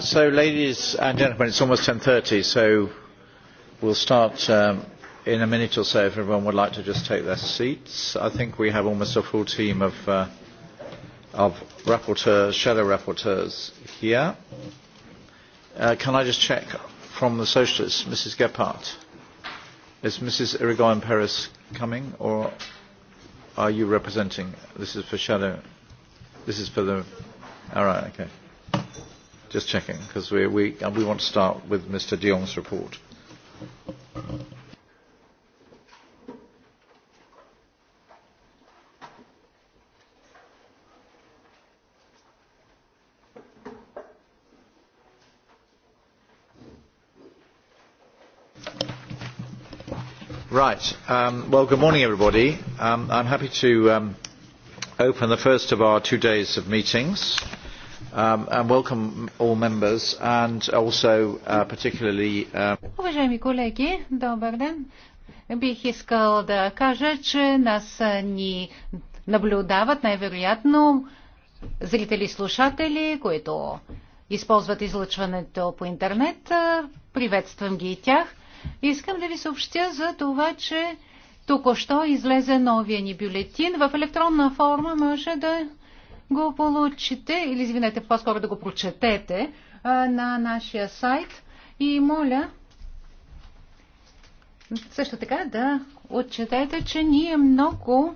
so, ladies and gentlemen, it's almost ten thirty, so we'll start um, in a minute or so if everyone would like to just take their seats. I think we have almost a full team of, uh, of rapporteurs, shadow rapporteurs here. Uh, can I just check from the Socialists, Mrs. Gephardt? Is Mrs. Irigoyen Perez coming, or are you representing? This is for shadow. This is for the. All right, okay. Just checking, because we, we, we want to start with Mr. de Jong's report. Right. Um, well, good morning, everybody. Um, I'm happy to um, open the first of our two days of meetings. Um, uh, uh, um, Уважаеми колеги, добър ден. Бих искал да кажа, че нас ни наблюдават най-вероятно зрители и слушатели, които използват излъчването по интернет. Приветствам ги и тях. Искам да ви съобщя за това, че току-що излезе новия ни бюлетин. В електронна форма може да го получите, или извинете, по-скоро да го прочетете на нашия сайт. И моля също така да отчетете, че ние много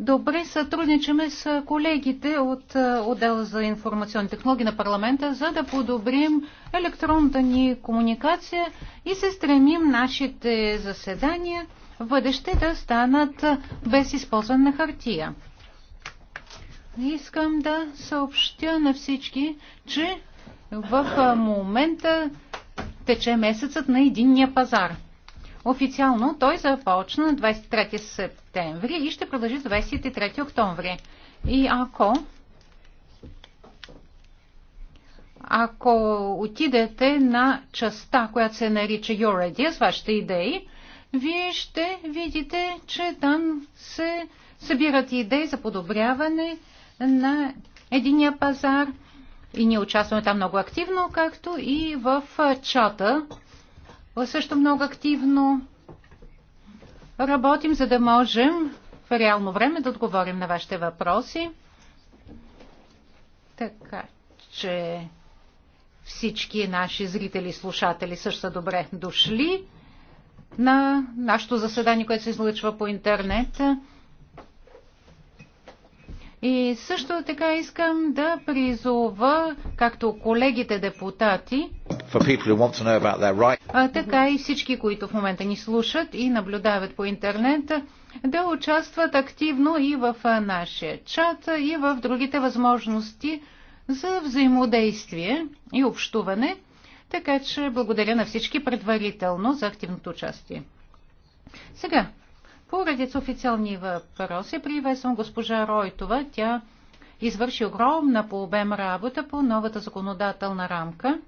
добре сътрудничаме с колегите от отдела за информационни технологии на парламента, за да подобрим електронната ни комуникация и се стремим нашите заседания в бъдеще да станат без използване на хартия. Искам да съобщя на всички, че в момента тече месецът на единния пазар. Официално той започна на 23 септември и ще продължи 23 октомври. И ако ако отидете на частта, която се нарича Your Ideas, вашите идеи, вие ще видите, че там се събират идеи за подобряване на единия пазар и ние участваме там много активно, както и в чата. Също много активно работим, за да можем в реално време да отговорим на вашите въпроси. Така че всички наши зрители и слушатели също са добре дошли на нашето заседание, което се излъчва по интернет. И също така искам да призова, както колегите депутати, right. така и всички, които в момента ни слушат и наблюдават по интернет, да участват активно и в нашия чат, и в другите възможности за взаимодействие и общуване. Така че благодаря на всички предварително за активното участие. Сега редица официални въпроси приветствам госпожа Ройтова. Тя извърши огромна по обем работа по новата законодателна рамка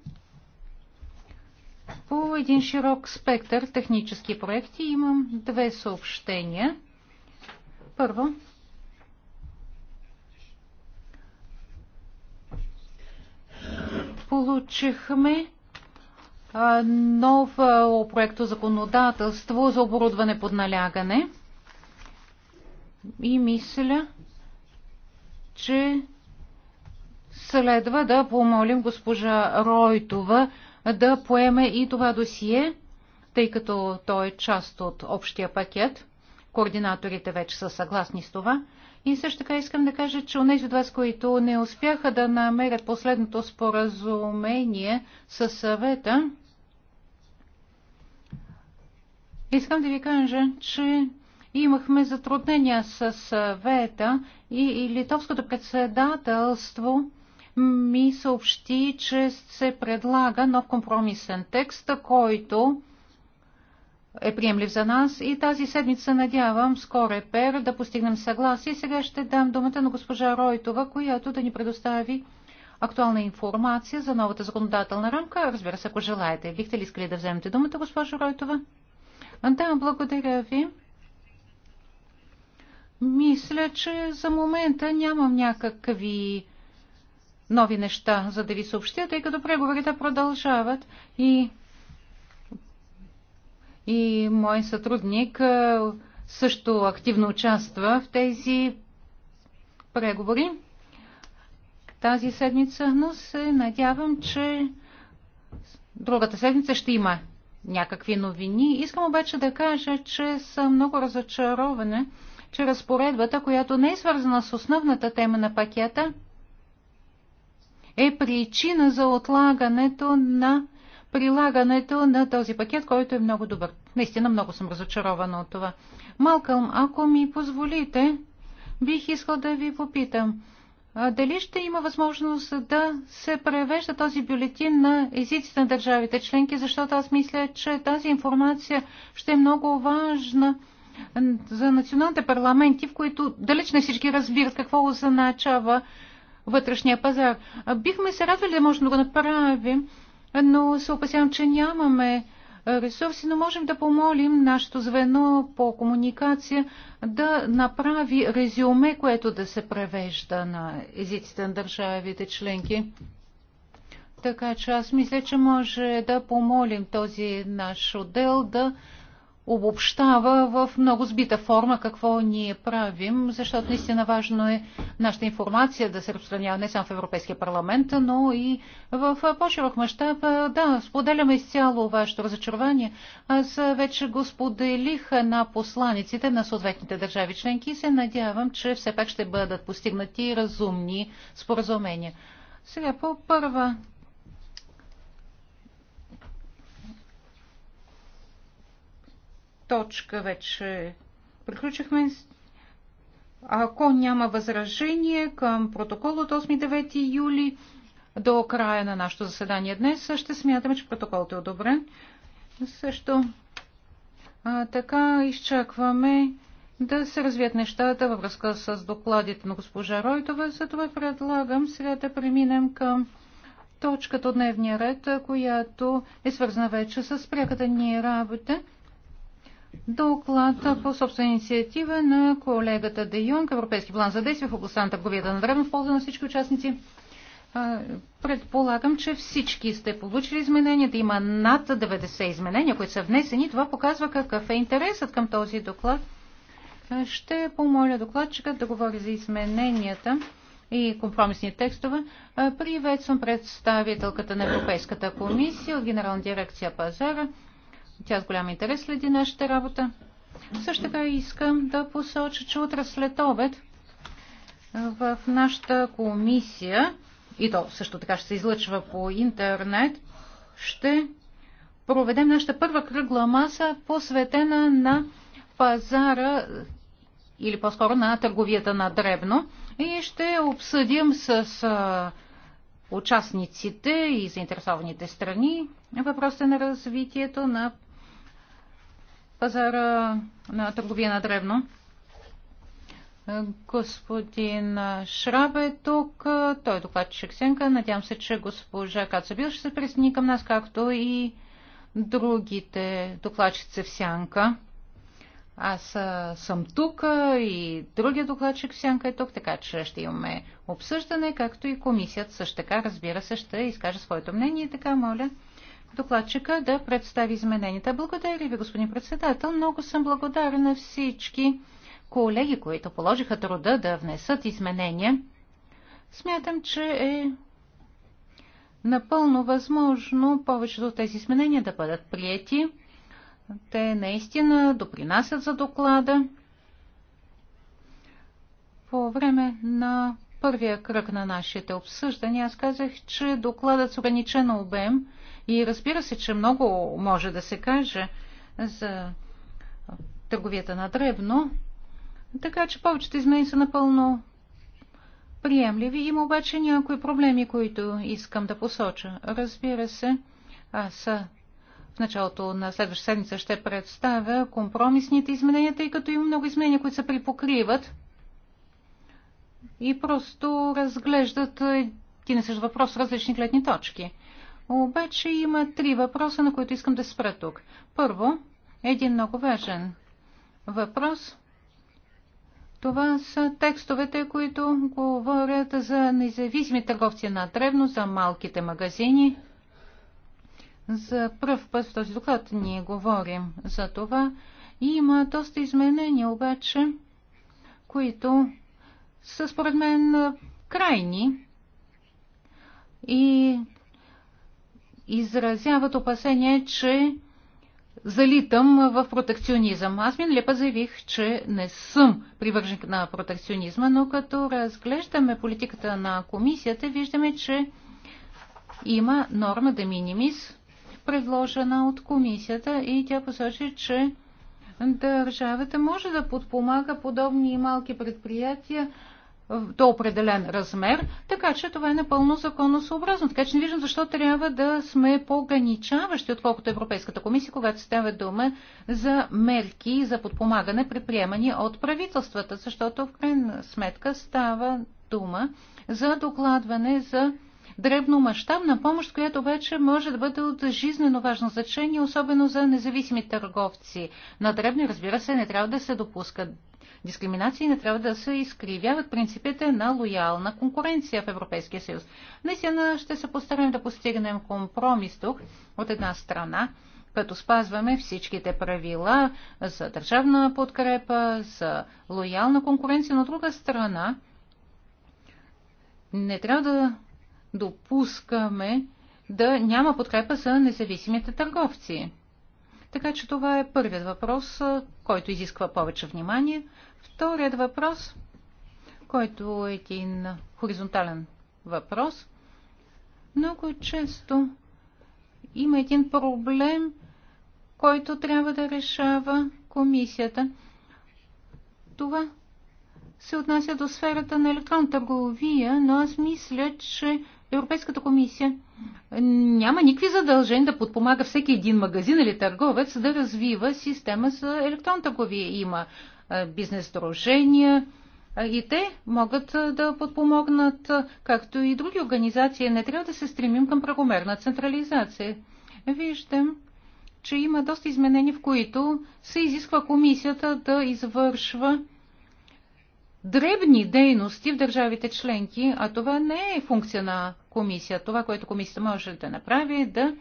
по един широк спектър технически проекти. Имам две съобщения. Първо, получихме проект за законодателство за оборудване под налягане. И мисля, че следва да помолим госпожа Ройтова да поеме и това досие, тъй като той е част от общия пакет. Координаторите вече са съгласни с това. И също така искам да кажа, че онези от вас, които не успяха да намерят последното споразумение със съвета, Искам да ви кажа, че имахме затруднения с Вета и, и литовското председателство ми съобщи, че се предлага нов компромисен текст, който е приемлив за нас и тази седмица надявам скоро е пер да постигнем съгласие. Сега ще дам думата на госпожа Ройтова, която да ни предостави актуална информация за новата законодателна рамка. Разбира се, ако желаете. Бихте ли искали да вземете думата, госпожа Ройтова? Да, благодаря ви. Мисля, че за момента нямам някакви нови неща, за да ви съобщя, тъй като преговорите продължават и, и мой сътрудник също активно участва в тези преговори тази седмица, но се надявам, че другата седмица ще има някакви новини. Искам обаче да кажа, че съм много разочарована, че разпоредбата, която не е свързана с основната тема на пакета, е причина за отлагането на прилагането на този пакет, който е много добър. Наистина много съм разочарована от това. Малкълм, ако ми позволите, бих искал да ви попитам дали ще има възможност да се превежда този бюлетин на езиците на държавите членки, защото аз мисля, че тази информация ще е много важна за националните парламенти, в които далеч не всички разбират какво означава вътрешния пазар. Бихме се радвали да можем да го направим, но се опасявам, че нямаме ресурси, но можем да помолим нашето звено по комуникация да направи резюме, което да се превежда на езиците на държавите членки. Така че аз мисля, че може да помолим този наш отдел да обобщава в много сбита форма какво ние правим, защото наистина важно е нашата информация да се разпространява не само в Европейския парламент, но и в по-широк мащаб. Да, споделяме изцяло вашето разочарование. Аз вече го споделих на посланиците на съответните държави членки и се надявам, че все пак ще бъдат постигнати разумни споразумения. Сега по първа точка вече приключихме. Ако няма възражение към протокол от 8-9 юли до края на нашето заседание днес, ще смятаме, че протоколът е одобрен. Също а, така изчакваме да се развият нещата във връзка с докладите на госпожа Ройтова. Затова предлагам сега да преминем към точката от дневния ред, която е свързана вече с пряката ни работа. Доклад по собствена инициатива на колегата Де Йонг, Европейски план за действие в областта на търговията на древно в полза на всички участници. Предполагам, че всички сте получили измененията. Има над 90 изменения, които са внесени. Това показва какъв е интересът към този доклад. Ще помоля докладчика да говори за измененията и компромисни текстове. Приветствам представителката на Европейската комисия от Генерална дирекция пазара тя с голям интерес следи нашата работа. Също така искам да посоча, че утре след обед в нашата комисия, и то също така ще се излъчва по интернет, ще проведем нашата първа кръгла маса, посветена на пазара или по-скоро на търговията на Дребно и ще обсъдим с участниците и заинтересованите страни въпроса на развитието на пазара на търговия на древно. Господин Шраб е тук. Той е докладчик Сенка. Надявам се, че госпожа Кацабил ще се присъедини към нас, както и другите докладчици в Сянка. Аз съм тук и другия докладчик в Сянка е тук, така че ще имаме обсъждане, както и комисията също така, разбира се, ще изкаже своето мнение. Така, моля докладчика да представи измененията. Благодаря ви, господин председател. Много съм благодарен на всички колеги, които положиха труда да внесат изменения. Смятам, че е напълно възможно повечето от тези изменения да бъдат прияти. Те наистина допринасят за доклада. По време на първия кръг на нашите обсъждания аз казах, че докладът с ограничен обем – и разбира се, че много може да се каже за търговията на Древно, така че повечето измени са напълно приемливи. Има обаче някои проблеми, които искам да посоча. Разбира се, аз в началото на следващата седмица ще представя компромисните изменения, тъй като има много изменения, които се припокриват и просто разглеждат един и същ въпрос с различни гледни точки. Обаче има три въпроса, на които искам да спра тук. Първо, един много важен въпрос. Това са текстовете, които говорят за независими търговци на древно, за малките магазини. За първ път в този доклад ние говорим за това. Има доста изменения обаче, които са според мен крайни и изразяват опасение, че залитам в протекционизъм. Аз миналия път заявих, че не съм привърженик на протекционизма, но като разглеждаме политиката на комисията, виждаме, че има норма да минимис, предложена от комисията и тя посочи, че държавата може да подпомага подобни малки предприятия до определен размер, така че това е напълно законосъобразно. Така че не виждам защо трябва да сме по-ограничаващи, отколкото Европейската комисия, когато става дума за мерки за подпомагане, предприемани от правителствата, защото в крайна сметка става дума за докладване за дребномащабна помощ, която вече може да бъде от жизнено важно значение, особено за независими търговци. На дребни, разбира се, не трябва да се допускат Дискриминации не трябва да се изкривяват принципите на лоялна конкуренция в Европейския съюз. Наистина ще се постараем да постигнем компромис тук от една страна, като спазваме всичките правила за държавна подкрепа, за лоялна конкуренция, но от друга страна не трябва да допускаме да няма подкрепа за независимите търговци. Така че това е първият въпрос, който изисква повече внимание. Вторият въпрос, който е един хоризонтален въпрос, много често има един проблем, който трябва да решава комисията. Това се отнася до сферата на електронна търговия, но аз мисля, че Европейската комисия няма никакви задължения да подпомага всеки един магазин или търговец да развива система за електронна търговия. Има бизнес дружения и те могат да подпомогнат, както и други организации. Не трябва да се стремим към прагомерна централизация. Виждам, че има доста изменения, в които се изисква комисията да извършва дребни дейности в държавите членки, а това не е функция на комисия. Това, което комисията може да направи е да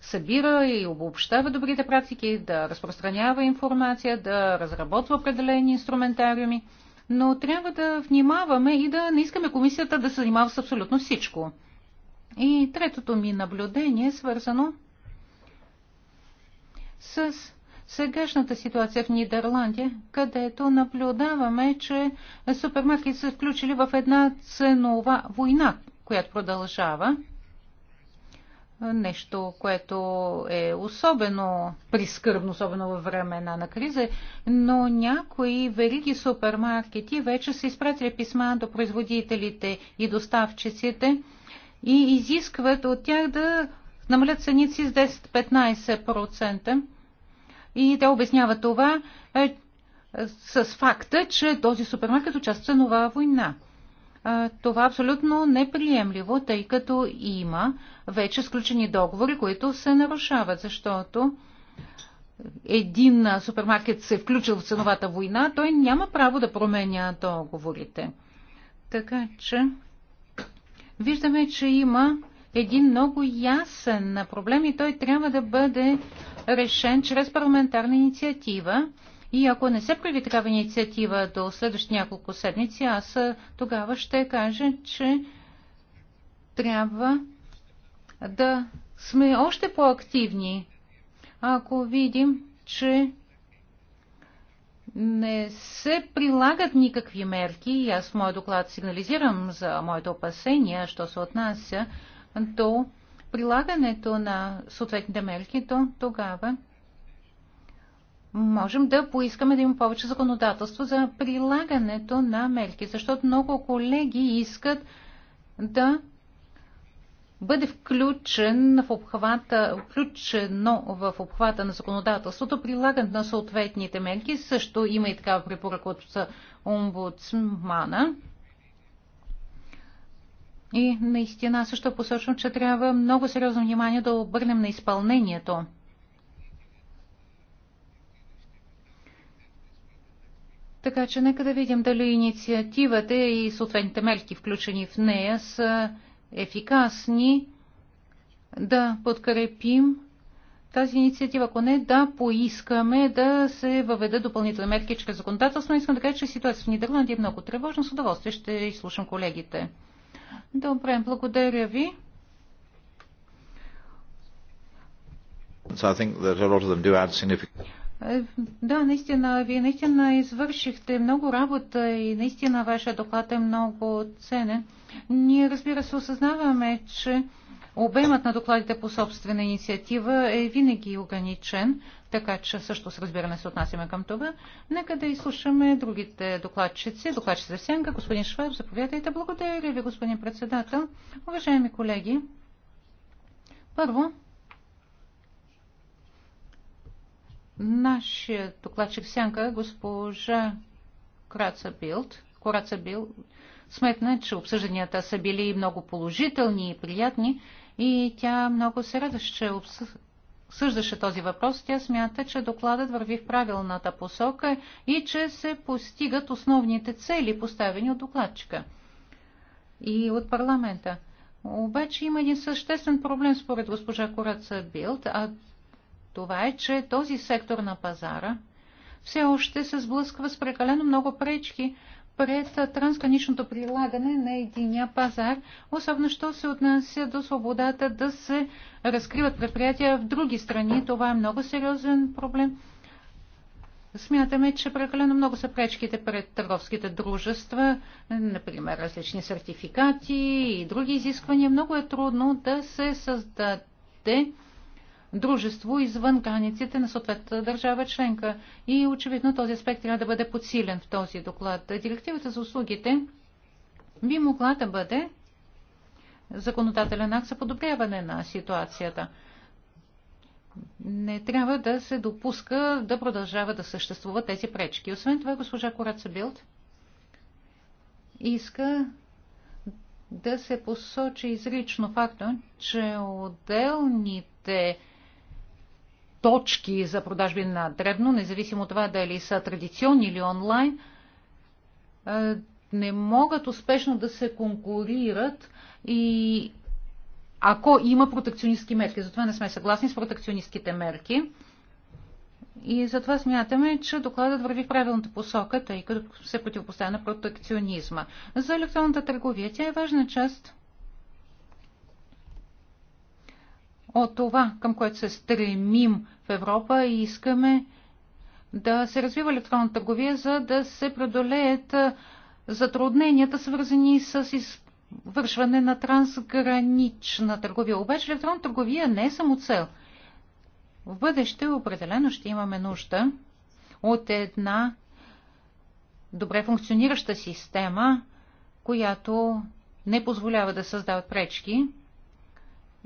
събира и обобщава добрите практики, да разпространява информация, да разработва определени инструментариуми, но трябва да внимаваме и да не искаме комисията да се занимава с абсолютно всичко. И третото ми наблюдение е свързано с сегашната ситуация в Нидерландия, където наблюдаваме, че супермаркетите са включили в една ценова война, която продължава нещо, което е особено прискърбно, особено във времена на криза, но някои велики супермаркети вече са изпратили писма до производителите и доставчиците и изискват от тях да намалят цените с 10-15%. И те обясняват това е, с факта, че този супермаркет участва в нова война това абсолютно неприемливо, тъй като има вече сключени договори, които се нарушават, защото един супермаркет се е включил в ценовата война, той няма право да променя договорите. Така че виждаме, че има един много ясен проблем и той трябва да бъде решен чрез парламентарна инициатива и ако не се прояви такава инициатива до следващите няколко седмици, аз тогава ще кажа, че трябва да сме още по-активни, ако видим, че не се прилагат никакви мерки, и аз в моят доклад сигнализирам за моите опасения, що се отнася до прилагането на съответните мерки, то тогава можем да поискаме да има повече законодателство за прилагането на мерки, защото много колеги искат да бъде включен в обхвата, включено в обхвата на законодателството прилагането на съответните мерки. Също има и такава препоръка от омбудсмана. И наистина също посочвам, че трябва много сериозно внимание да обърнем на изпълнението. Така че нека да видим дали инициативата и съответните мерки, включени в нея, са ефикасни да подкрепим тази инициатива. Ако не, да поискаме да се въведе допълнителни мерки чрез законодателство. Искам да кажа, че ситуацията в Нидерландия е много тревожна. С удоволствие ще изслушам колегите. Добре, благодаря ви. So I think that a lot of them do add significant... Е, да, наистина, вие наистина извършихте много работа и наистина вашия доклад е много ценен. Ние, разбира се, осъзнаваме, че обемът на докладите по собствена инициатива е винаги ограничен, така че също с разбиране се отнасяме към това. Нека да изслушаме другите докладчици. Докладчица Сенка, господин Шваб, заповядайте. Благодаря ви, господин председател. Уважаеми колеги, първо, Нашият докладчик сянка госпожа Краца Билд. Кораца Бил сметна, че обсъжданията са били много положителни и приятни и тя много се радваше, че обсъждаше този въпрос. Тя смята, че докладът върви в правилната посока и че се постигат основните цели, поставени от докладчика и от парламента. Обаче има един съществен проблем според госпожа Кораца Билд, а това е, че този сектор на пазара все още се сблъсква с прекалено много пречки пред трансграничното прилагане на единия пазар, особено що се отнася до свободата да се разкриват предприятия в други страни. Това е много сериозен проблем. Смятаме, че прекалено много са пречките пред търговските дружества, например различни сертификати и други изисквания. Много е трудно да се създаде дружество извън границите на съответната държава членка. И очевидно този аспект трябва да бъде подсилен в този доклад. Директивата за услугите би могла да бъде законодателен акт за подобряване на ситуацията. Не трябва да се допуска да продължава да съществуват тези пречки. Освен това, госпожа Кораца Билд иска да се посочи изрично факта, че отделните точки за продажби на дребно, независимо от това дали са традиционни или онлайн, не могат успешно да се конкурират и ако има протекционистски мерки. Затова не сме съгласни с протекционистските мерки. И затова смятаме, че докладът върви в правилната посока, тъй като се противопоставя на протекционизма. За електронната търговия тя е важна част от това, към което се стремим в Европа и искаме да се развива електронна търговия, за да се преодолеят затрудненията, свързани с извършване на трансгранична търговия. Обаче електронна търговия не е само цел. В бъдеще определено ще имаме нужда от една добре функционираща система, която не позволява да създават пречки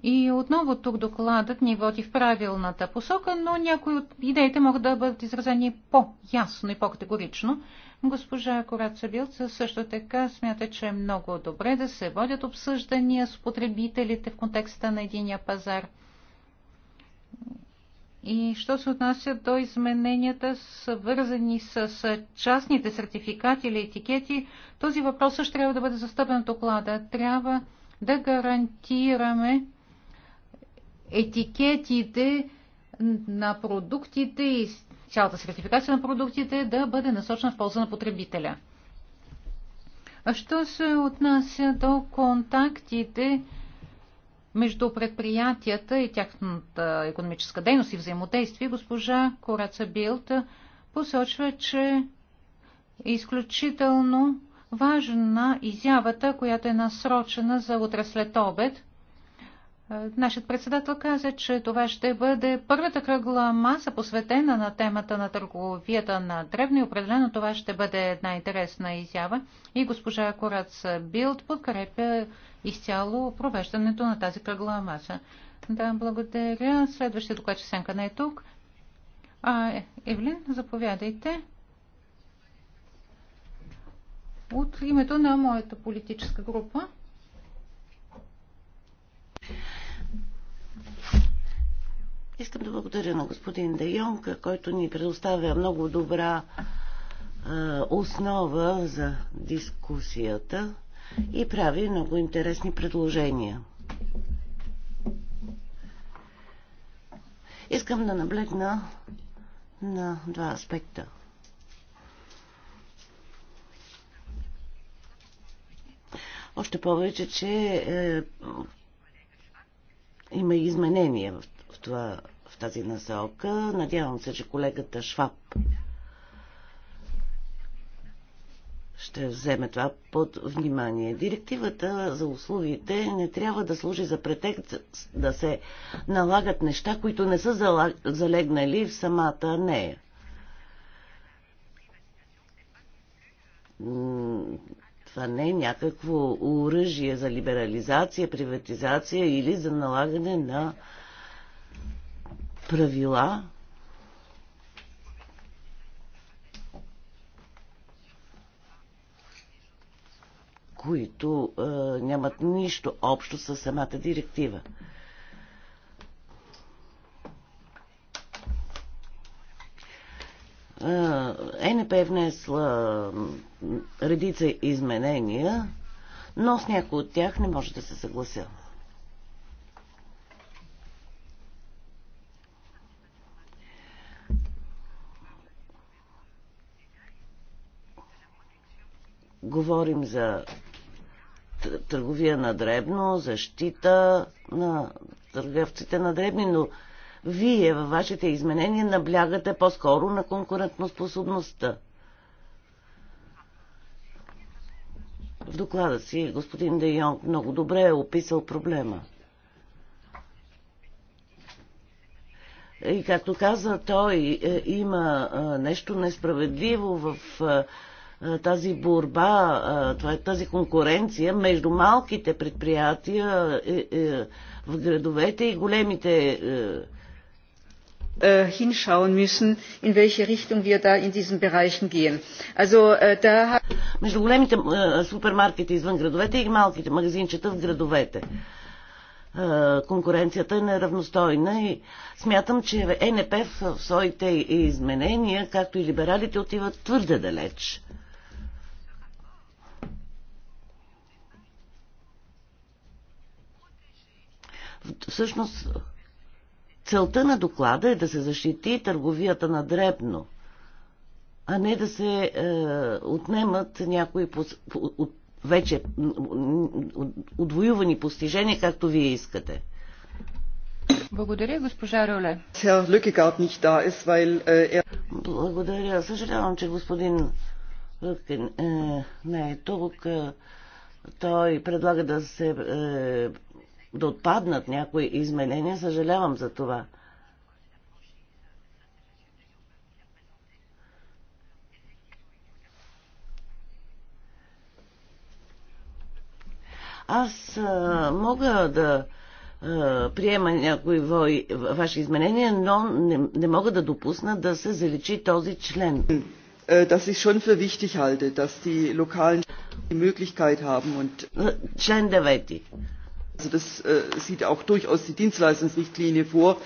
и отново тук докладът ни води в правилната посока, но някои от идеите могат да бъдат изразени по-ясно и по-категорично. Госпожа Кораца Билца също така смята, че е много добре да се водят обсъждания с потребителите в контекста на единия пазар. И що се отнася до измененията, свързани с частните сертификати или етикети, този въпрос също трябва да бъде застъпен в доклада. Трябва да гарантираме етикетите на продуктите и цялата сертификация на продуктите да бъде насочена в полза на потребителя. А що се отнася до контактите между предприятията и тяхната економическа дейност и взаимодействие, госпожа Кораца Билт посочва, че е изключително важна изявата, която е насрочена за утре след обед – Нашият председател каза, че това ще бъде първата кръгла маса, посветена на темата на търговията на древно и определено това ще бъде една интересна изява. И госпожа Корац Билд подкрепя изцяло провеждането на тази кръгла маса. Да, благодаря. Следващия доклад, че Сенка не е тук. А, Евлин, заповядайте. От името на моята политическа група. Искам да благодаря на господин Де Йонг, който ни предоставя много добра а, е, основа за дискусията и прави много интересни предложения. Искам да наблегна на два аспекта. Още повече, че е, има изменения в, в това в тази насока. Надявам се, че колегата Шваб ще вземе това под внимание. Директивата за услугите не трябва да служи за претекст да се налагат неща, които не са залегнали в самата нея. Това не е някакво оръжие за либерализация, приватизация или за налагане на правила, които е, нямат нищо общо с самата директива. Е, НП е внесла редица изменения, но с някои от тях не може да се съглася. Говорим за търговия на дребно, защита на търговците на дребни, но вие във вашите изменения наблягате по-скоро на конкурентоспособността. В доклада си господин Де Йонг много добре е описал проблема. И както каза той, е, има нещо несправедливо в тази борба, е тази конкуренция между малките предприятия е, е, в градовете и големите hinschauen müssen, in welche Richtung wir da in diesen Bereichen gehen. Also äh, da между големите супермаркети извън градовете и малките магазинчета в градовете. Конкуренцията е неравностойна и смятам, че ЕНП в своите изменения, както и либералите, отиват твърде далеч. Всъщност, целта на доклада е да се защити търговията на дребно, а не да се е, отнемат някои по, от, вече отвоювани постижения, както вие искате. Благодаря, госпожа Роле. Äh, er- Благодаря. Съжалявам, че господин Лъкен е, не е тук. Той предлага да се е, да отпаднат някои изменения. Съжалявам за това. Аз а, мога да а, приема някои вой, ваши изменения, но не, не мога да допусна да се заличи този член. Е, die Möglichkeit haben und. Член Das äh, sieht auch durchaus die Dienstleistungsrichtlinie vor.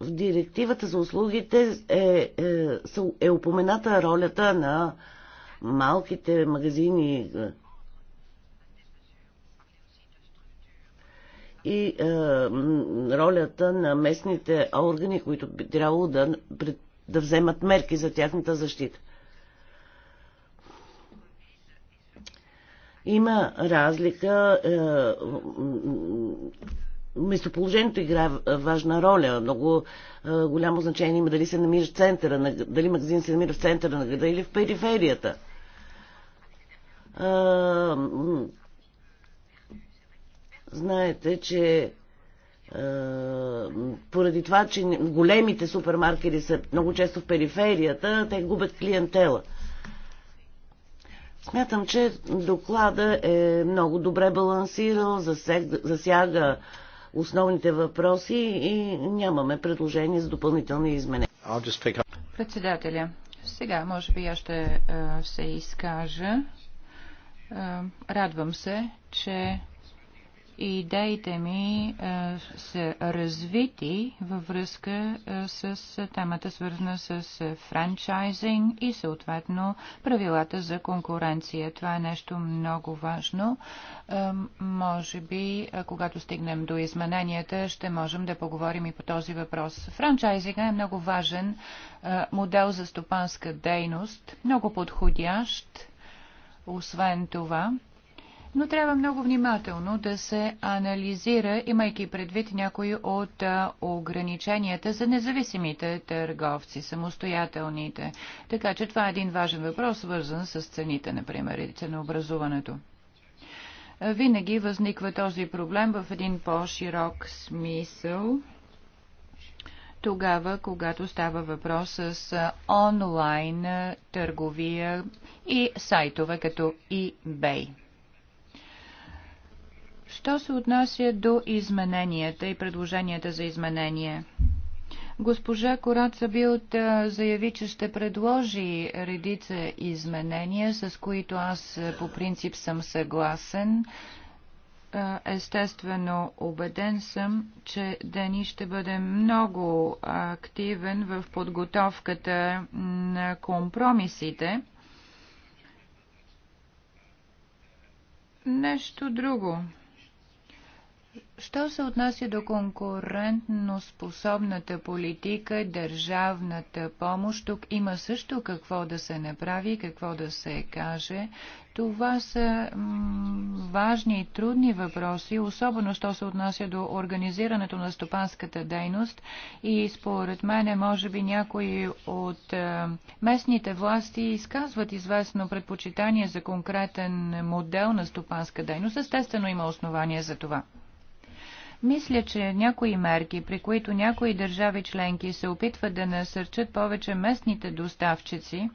В директивата за услугите е, е, е упомената ролята на малките магазини и е, ролята на местните органи, които би трябвало да, да вземат мерки за тяхната защита. Има разлика. Е, местоположението играе важна роля. Много е, голямо значение има дали се намира в центъра, на, дали магазин се намира в центъра на града или в периферията е, знаете, че а, поради това, че големите супермаркети са много често в периферията, те губят клиентела. Смятам, че доклада е много добре балансирал, засяга основните въпроси и нямаме предложение за допълнителни изменения. Председателя, сега може би аз ще е, се изкажа. Е, радвам се, че и идеите ми е, са развити във връзка е, с темата свързана с е, франчайзинг и съответно правилата за конкуренция. Това е нещо много важно. може би, когато стигнем до измененията, ще можем да поговорим и по този въпрос. Франчайзинг е много важен модел за стопанска дейност, много подходящ. Освен това, но трябва много внимателно да се анализира, имайки предвид някои от ограниченията за независимите търговци, самостоятелните. Така че това е един важен въпрос, свързан с цените, например, и ценообразуването винаги възниква този проблем в един по-широк смисъл. Тогава, когато става въпрос с онлайн търговия и сайтове като eBay. Що се отнася до измененията и предложенията за изменение? Госпожа Кораца Билт заяви, че ще предложи редица изменения, с които аз по принцип съм съгласен. Естествено, убеден съм, че Дени ще бъде много активен в подготовката на компромисите. Нещо друго Що се отнася до конкурентно способната политика, държавната помощ, тук има също какво да се направи, какво да се каже. Това са важни и трудни въпроси, особено що се отнася до организирането на стопанската дейност и според мене може би някои от е, местните власти изказват известно предпочитание за конкретен модел на стопанска дейност. Естествено има основания за това. Мисля, че някои мерки, при които някои държави членки се опитват да насърчат повече местните доставчици,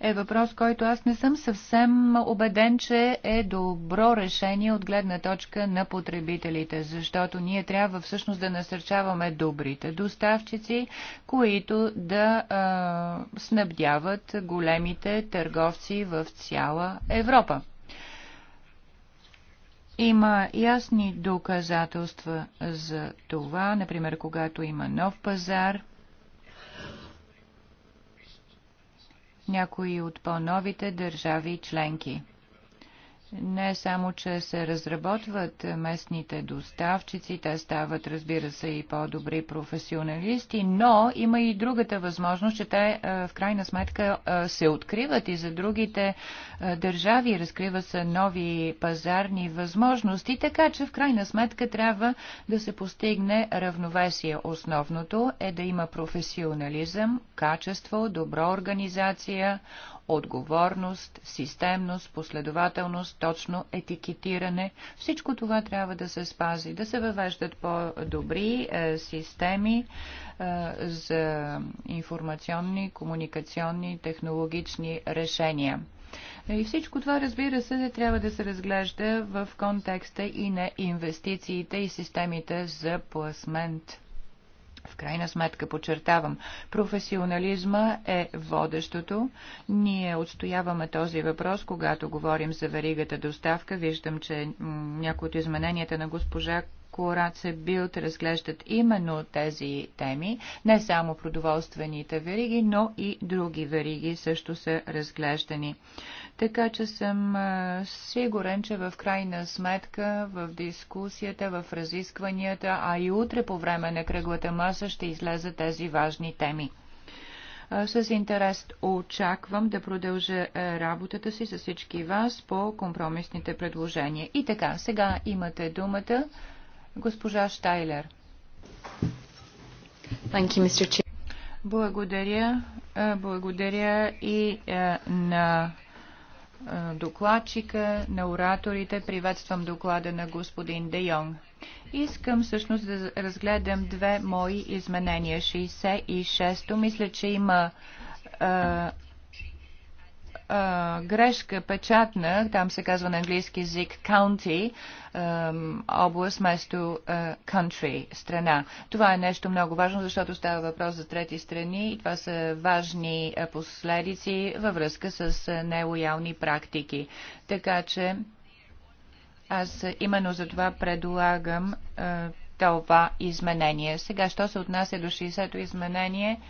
е въпрос, който аз не съм съвсем убеден, че е добро решение от гледна точка на потребителите, защото ние трябва всъщност да насърчаваме добрите доставчици, които да а, снабдяват големите търговци в цяла Европа. Има ясни доказателства за това, например, когато има нов пазар, някои от по-новите държави членки – не само, че се разработват местните доставчици, те стават, разбира се, и по-добри професионалисти, но има и другата възможност, че те е, в крайна сметка е, се откриват и за другите е, държави, разкриват се нови пазарни възможности, така че в крайна сметка трябва да се постигне равновесие. Основното е да има професионализъм, качество, добра организация, отговорност, системност, последователност, точно етикетиране. Всичко това трябва да се спази, да се въвеждат по-добри е, системи е, за информационни, комуникационни, технологични решения. И всичко това, разбира се, трябва да се разглежда в контекста и на инвестициите и системите за пласмент. В крайна сметка, подчертавам, професионализма е водещото. Ние отстояваме този въпрос, когато говорим за веригата доставка. Виждам, че някои от измененията на госпожа се Билд разглеждат именно тези теми. Не само продоволствените вериги, но и други вериги също са разглеждани. Така че съм сигурен, че в крайна сметка в дискусията, в разискванията, а и утре по време на кръглата маса ще излезат тези важни теми. С интерес очаквам да продължа работата си с всички вас по компромисните предложения. И така, сега имате думата Госпожа Штайлер. You, благодаря. Е, благодаря и е, на е, докладчика, на ораторите. Приветствам доклада на господин Де Йонг. Искам всъщност да разгледам две мои изменения. 66-то мисля, че има грешка печатна, там се казва на английски язик county, област вместо country, страна. Това е нещо много важно, защото става въпрос за трети страни и това са важни последици във връзка с нелоялни практики. Така че аз именно за това предлагам това изменение. Сега, що се отнася до 60-то изменение,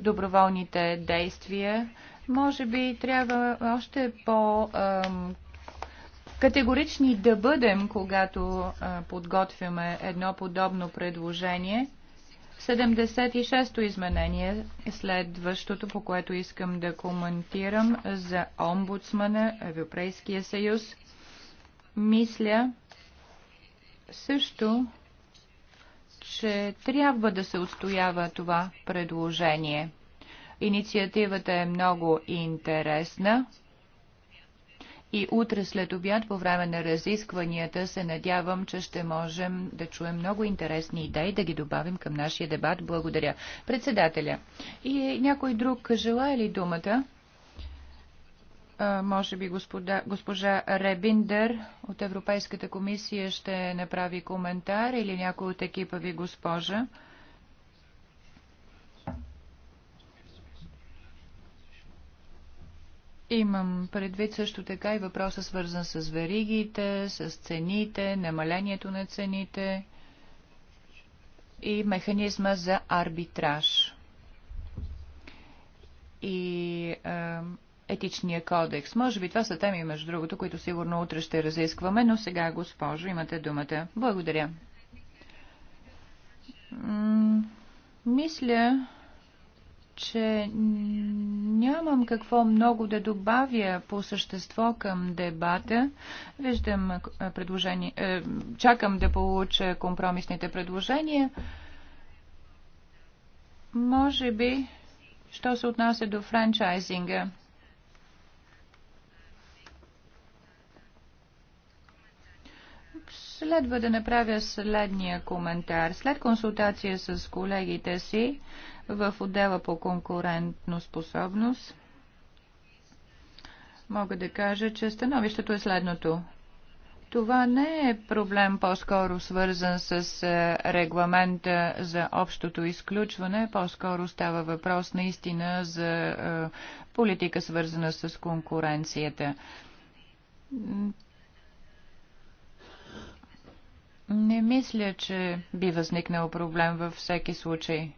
доброволните действия може би трябва още по категорични да бъдем, когато подготвяме едно подобно предложение. 76-то изменение, е следващото, по което искам да коментирам за омбудсмана Европейския съюз. Мисля също, че трябва да се устоява това предложение. Инициативата е много интересна. И утре след обяд, по време на разискванията, се надявам, че ще можем да чуем много интересни идеи, да ги добавим към нашия дебат. Благодаря. Председателя. И някой друг желая ли думата? може би господа, госпожа Ребиндер от Европейската комисия ще направи коментар или някой от екипа ви госпожа. Имам предвид също така и въпроса свързан с веригите, с цените, намалението на цените и механизма за арбитраж. И е, етичния кодекс. Може би това са теми, между другото, които сигурно утре ще разискваме, но сега, госпожо, имате думата. Благодаря. М мисля, че нямам какво много да добавя по същество към дебата. Виждам е, предложение, е, чакам да получа компромисните предложения. Може би, що се отнася до франчайзинга. Следва да направя следния коментар. След консултация с колегите си, в отдела по конкурентно способност мога да кажа, че становището е следното. Това не е проблем по-скоро свързан с е, регламента за общото изключване, по-скоро става въпрос наистина за е, политика свързана с конкуренцията. Не мисля, че би възникнал проблем във всеки случай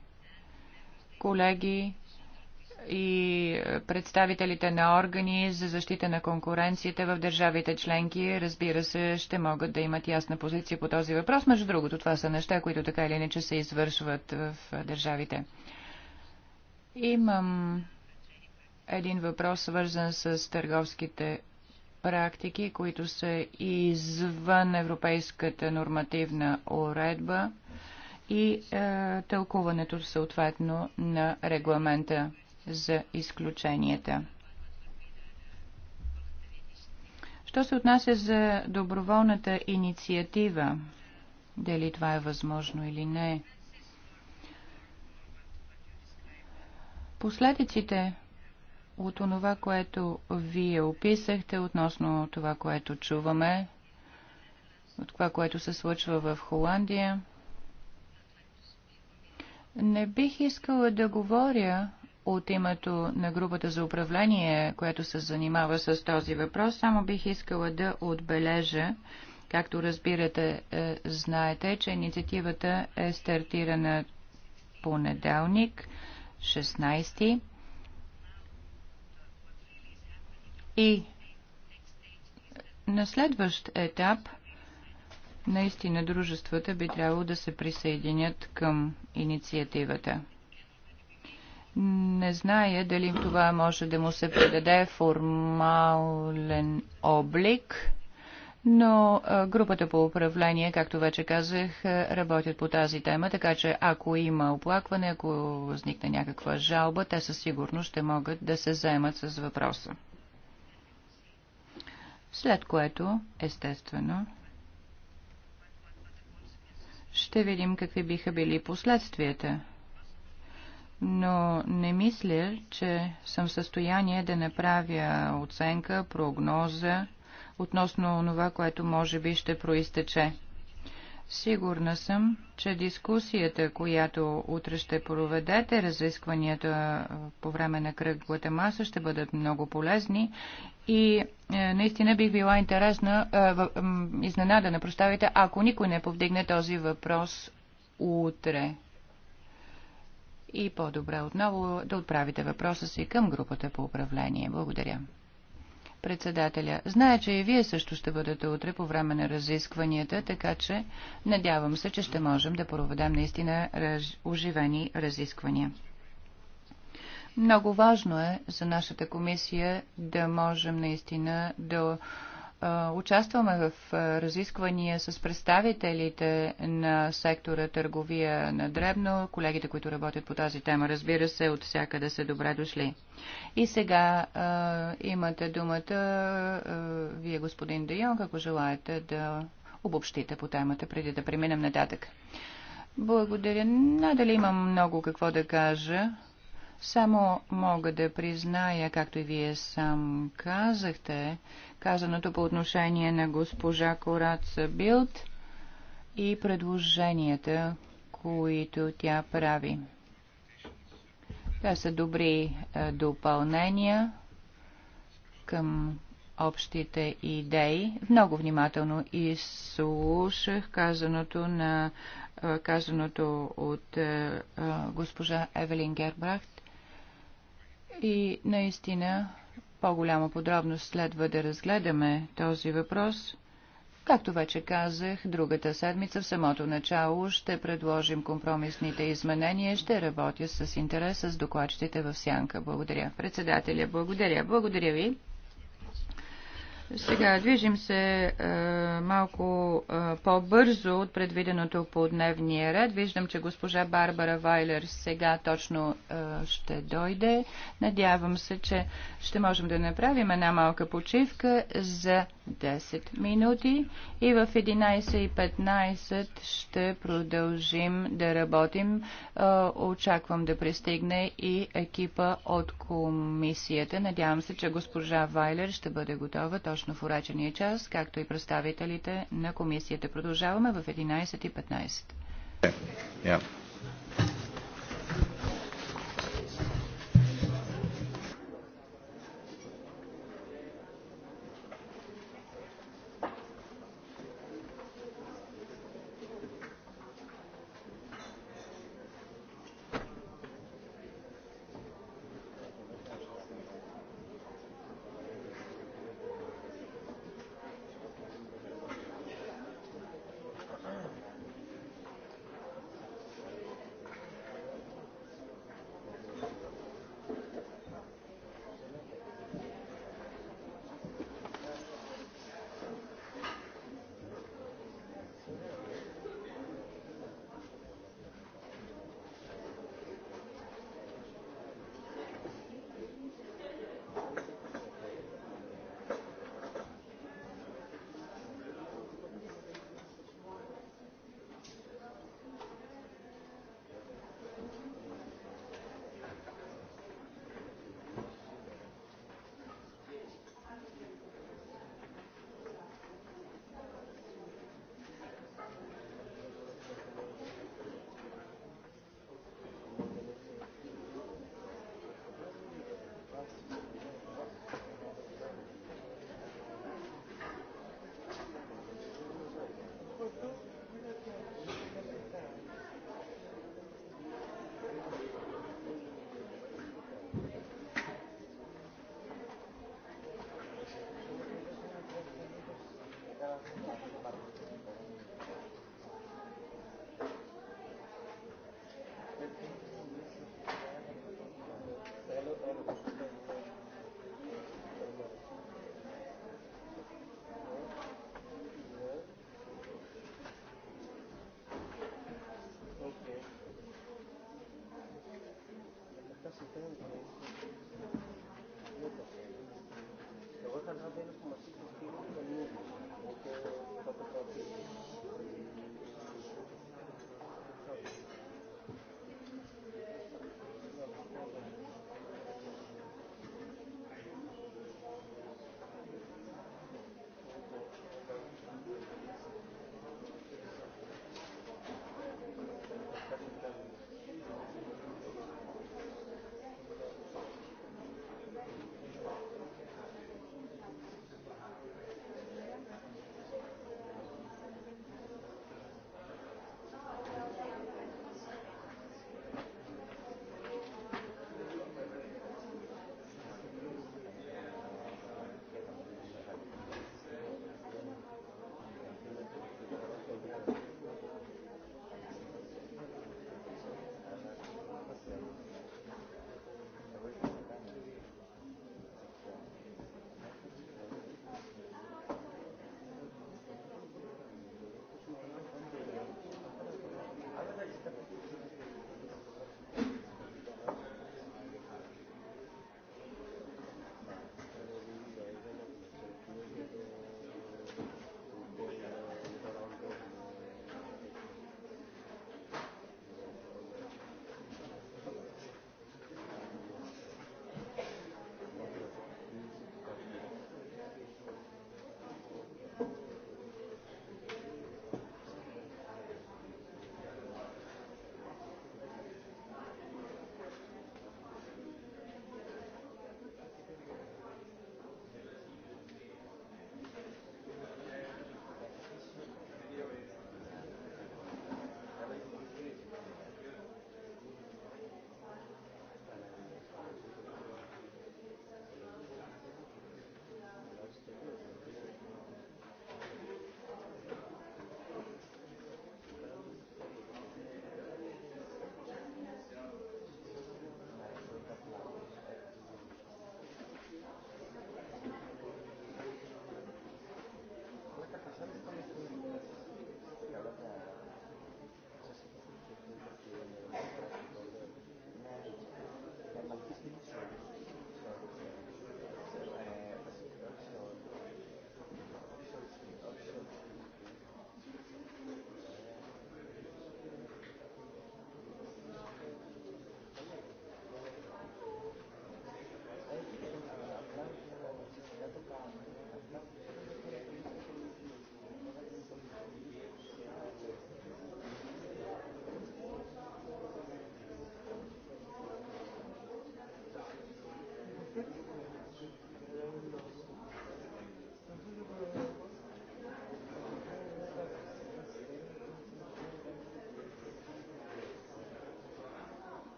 колеги и представителите на органи за защита на конкуренцията в държавите членки, разбира се, ще могат да имат ясна позиция по този въпрос. Между другото, това са неща, които така или иначе се извършват в държавите. Имам един въпрос, свързан с търговските практики, които са извън европейската нормативна уредба и е, тълкуването съответно на регламента за изключенията. Що се отнася за доброволната инициатива, дали това е възможно или не, последиците от това, което вие описахте, относно това, което чуваме, от това, което се случва в Холандия, не бих искала да говоря от името на групата за управление, която се занимава с този въпрос, само бих искала да отбележа, както разбирате, е, знаете, че инициативата е стартирана понеделник, 16 и на следващ етап наистина дружествата би трябвало да се присъединят към инициативата. Не зная дали това може да му се предаде формален облик, но групата по управление, както вече казах, работят по тази тема, така че ако има оплакване, ако възникне някаква жалба, те със сигурност ще могат да се заемат с въпроса. След което, естествено, ще видим какви биха били последствията. Но не мисля, че съм в състояние да направя оценка, прогноза относно това, което може би ще проистече. Сигурна съм, че дискусията, която утре ще проведете, разискванията по време на кръглата маса ще бъдат много полезни и е, наистина бих била интересна, е, е, изненадана, проставите, ако никой не повдигне този въпрос утре. И по-добре отново да отправите въпроса си към групата по управление. Благодаря председателя. Зная, че и вие също ще бъдете утре по време на разискванията, така че надявам се, че ще можем да проведем наистина раз... оживени разисквания. Много важно е за нашата комисия да можем наистина да участваме в разисквания с представителите на сектора търговия на дребно. Колегите, които работят по тази тема, разбира се, от всякъде са добре дошли. И сега имате думата, вие господин Дайон, ако желаете да обобщите по темата, преди да преминем нататък. Благодаря. Надали имам много какво да кажа. Само мога да призная, както и вие сам казахте, казаното по отношение на госпожа Корац Билд и предложенията, които тя прави. Те са добри е, допълнения към общите идеи. Много внимателно изслушах казаното, на, е, казаното от е, госпожа Евелин Гербрахт и наистина по-голяма подробност следва да разгледаме този въпрос. Както вече казах, другата седмица в самото начало ще предложим компромисните изменения. Ще работя с интерес с докладчетите в сянка. Благодаря. Председателя, благодаря. Благодаря ви. Сега движим се е, малко е, по-бързо от предвиденото по дневния ред. Виждам, че госпожа Барбара Вайлер сега точно е, ще дойде. Надявам се, че ще можем да направим една малка почивка за 10 минути и в 11.15 ще продължим да работим. Е, очаквам да пристигне и екипа от комисията. Надявам се, че госпожа Вайлер ще бъде готова точно в урачения час, както и представителите на комисията. Продължаваме в 11.15. Yeah. Εγώ θα να μπαίνω στο μασίκι του και θα το κρατήσω.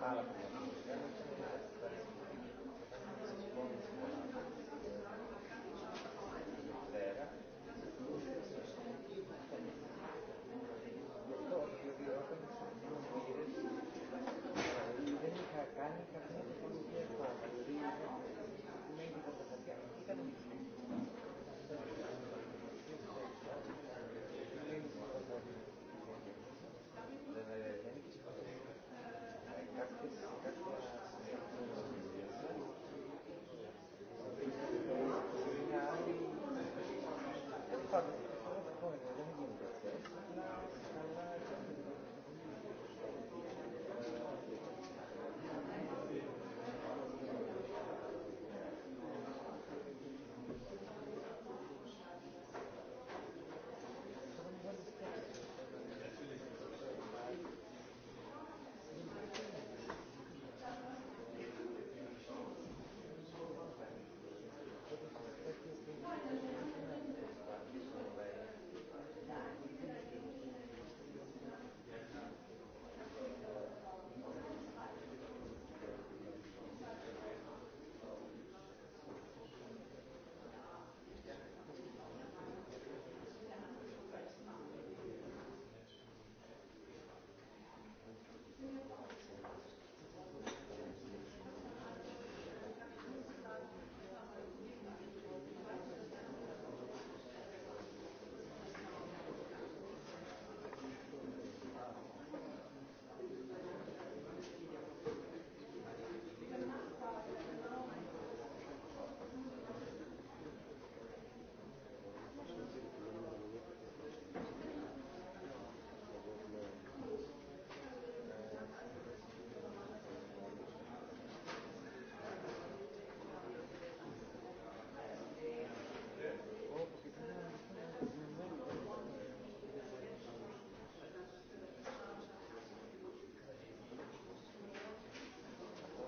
Mala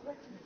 Thank you.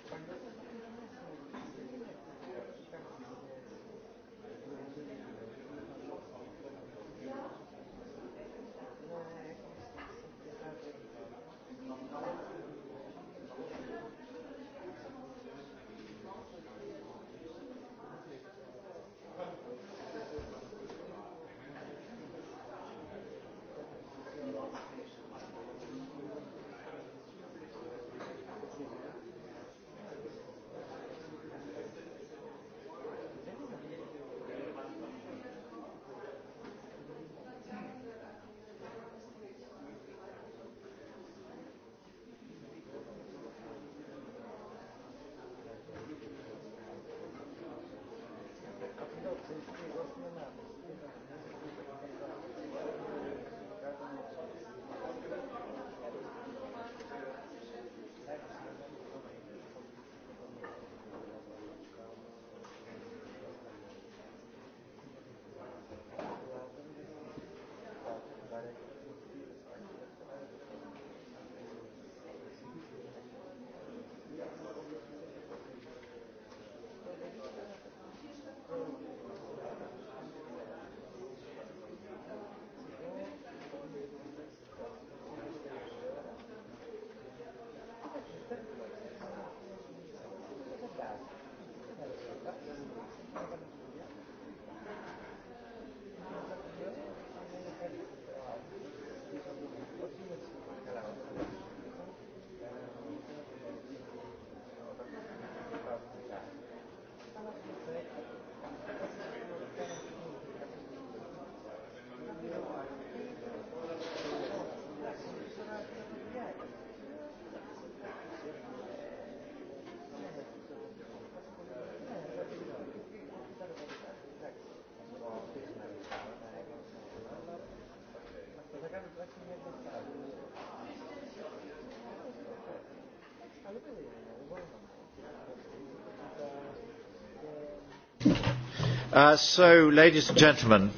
so, ladies and gentlemen,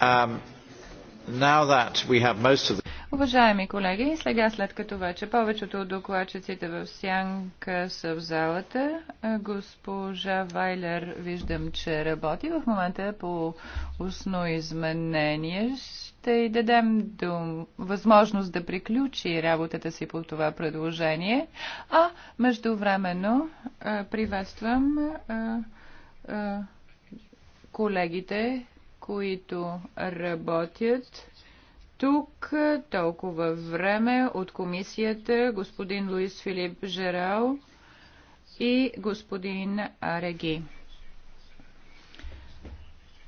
um, now that we have most of the Уважаеми колеги, сега след като вече повечето от докладчиците в сянка са в залата, госпожа Вайлер виждам, че работи. В момента е по устно изменение. Ще й дадем до възможност да приключи работата си по това предложение. А междувременно приветствам колегите, които работят тук толкова време от комисията господин Луис Филип Жерал и господин Ареги.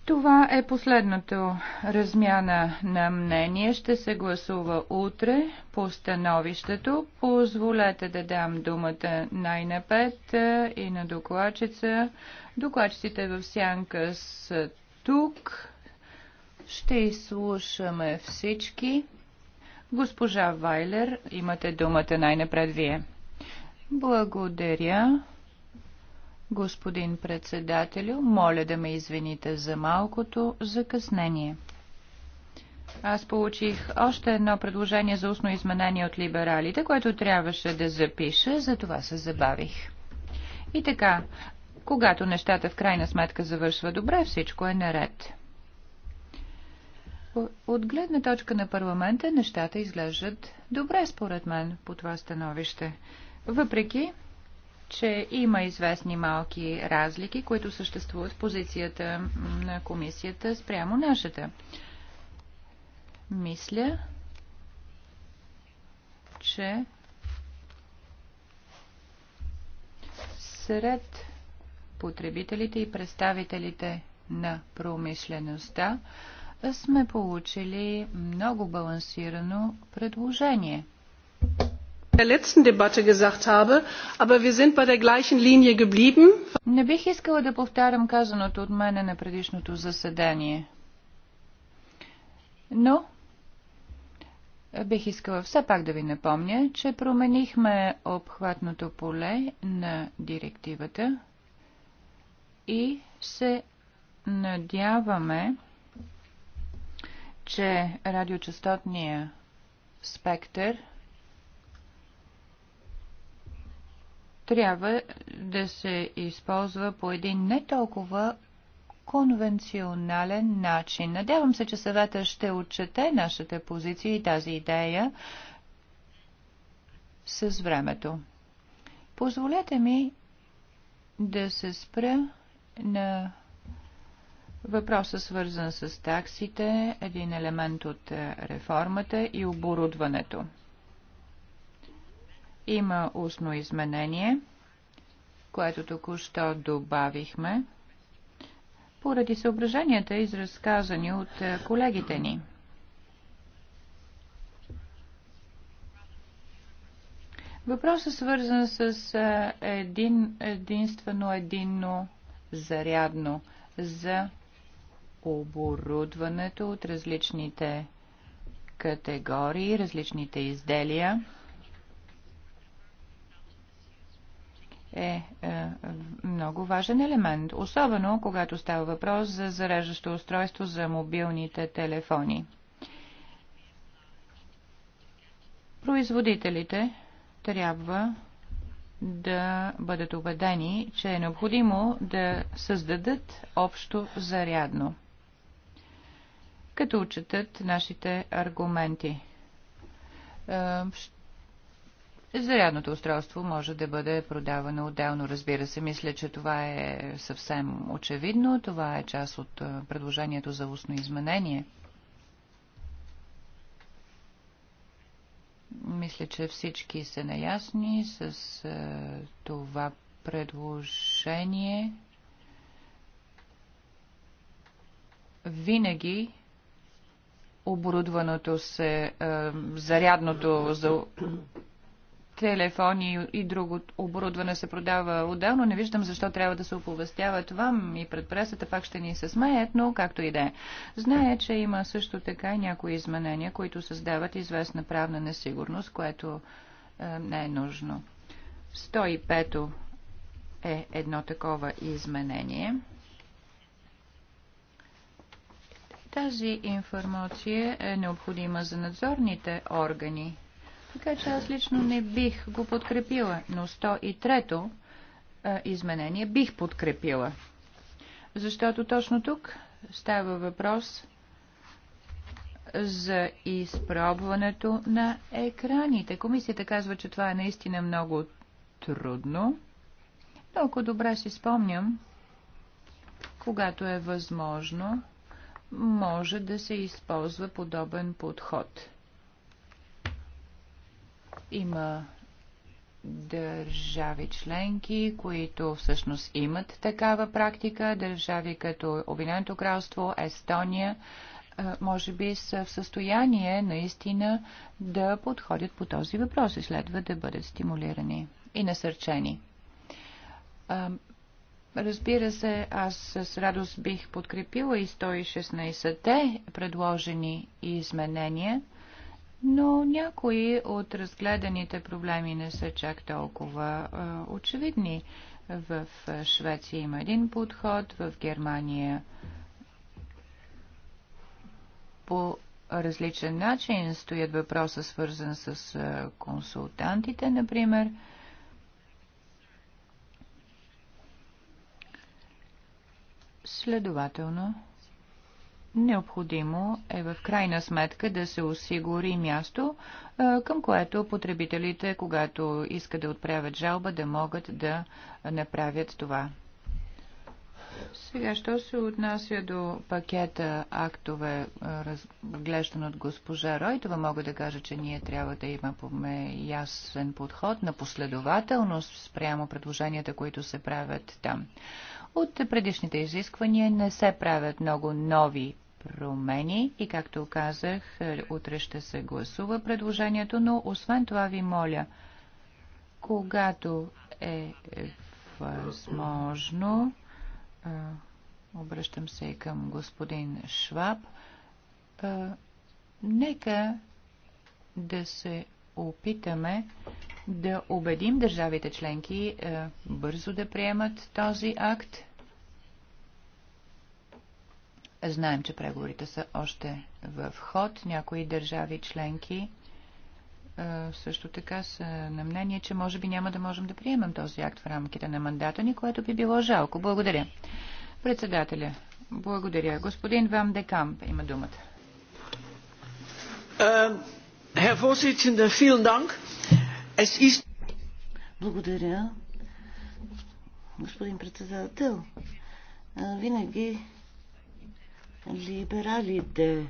Това е последното размяна на мнение. Ще се гласува утре по становището. Позволете да дам думата най-напред и на докладчица. Докладчиците в сянка са тук. Ще изслушаме всички. Госпожа Вайлер, имате думата най-напред вие. Благодаря. Господин председателю, моля да ме извините за малкото закъснение. Аз получих още едно предложение за устно изменение от либералите, което трябваше да запиша, това се забавих. И така, когато нещата в крайна сметка завършва добре, всичко е наред. От гледна точка на парламента нещата изглеждат добре, според мен, по това становище. Въпреки, че има известни малки разлики, които съществуват в позицията на комисията спрямо нашата. Мисля, че сред потребителите и представителите на промишлеността, сме получили много балансирано предложение. Не бих искала да повтарям казаното от мене на предишното заседание. Но бих искала все пак да ви напомня, че променихме обхватното поле на директивата и се надяваме, че радиочастотния спектър трябва да се използва по един не толкова конвенционален начин. Надявам се, че съвета ще отчете нашата позиция и тази идея с времето. Позволете ми да се спра на Въпросът е свързан с таксите, един елемент от е, реформата и оборудването. Има устно изменение, което току-що добавихме, поради съображенията, изразказани от е, колегите ни. Въпросът свързан с един, единствено единно зарядно за оборудването от различните категории, различните изделия е, е много важен елемент, особено когато става въпрос за зареждащо устройство за мобилните телефони. Производителите трябва да бъдат убедени, че е необходимо да създадат общо зарядно като отчетат нашите аргументи. Е, зарядното устройство може да бъде продавано отделно, разбира се. Мисля, че това е съвсем очевидно. Това е част от е, предложението за устно изменение. Мисля, че всички са наясни с е, това предложение. Винаги оборудваното се е, зарядното за телефони и друго оборудване се продава отделно. Не виждам защо трябва да се оповестява това и пред пресата пак ще ни се смеят, но както и да е. Знае, че има също така и някои изменения, които създават известна правна несигурност, което е, не е нужно. 105 е едно такова изменение. Тази информация е необходима за надзорните органи. Така че аз лично не бих го подкрепила, но 103-то е, изменение бих подкрепила. Защото точно тук става въпрос за изпробването на екраните. Комисията казва, че това е наистина много трудно, но ако добре си спомням, когато е възможно, може да се използва подобен подход. Има държави членки, които всъщност имат такава практика, държави като Обединеното кралство, Естония, е, може би са в състояние наистина да подходят по този въпрос и следва да бъдат стимулирани и насърчени. Е, Разбира се, аз с радост бих подкрепила и 116-те предложени изменения, но някои от разгледаните проблеми не са чак толкова очевидни. В Швеция има един подход, в Германия по различен начин стоят въпроса, свързан с консултантите, например. Следователно, необходимо е в крайна сметка да се осигури място, към което потребителите, когато искат да отправят жалба, да могат да направят това. Сега, що се отнася до пакета актове, разглеждан от госпожа Ройтова, мога да кажа, че ние трябва да имаме ясен подход на последователност спрямо предложенията, които се правят там. От предишните изисквания не се правят много нови промени и, както казах, утре ще се гласува предложението, но освен това ви моля, когато е възможно, обръщам се и към господин Шваб, нека да се опитаме да убедим държавите членки е, бързо да приемат този акт. Знаем, че преговорите са още в ход. Някои държави членки е, също така са на мнение, че може би няма да можем да приемем този акт в рамките на мандата ни, което би било жалко. Благодаря. Председателя, благодаря. Господин Вам Декамп има думата. Е, Herr Vorsitzender, vielen Dank. Благодаря. Господин председател, винаги либералите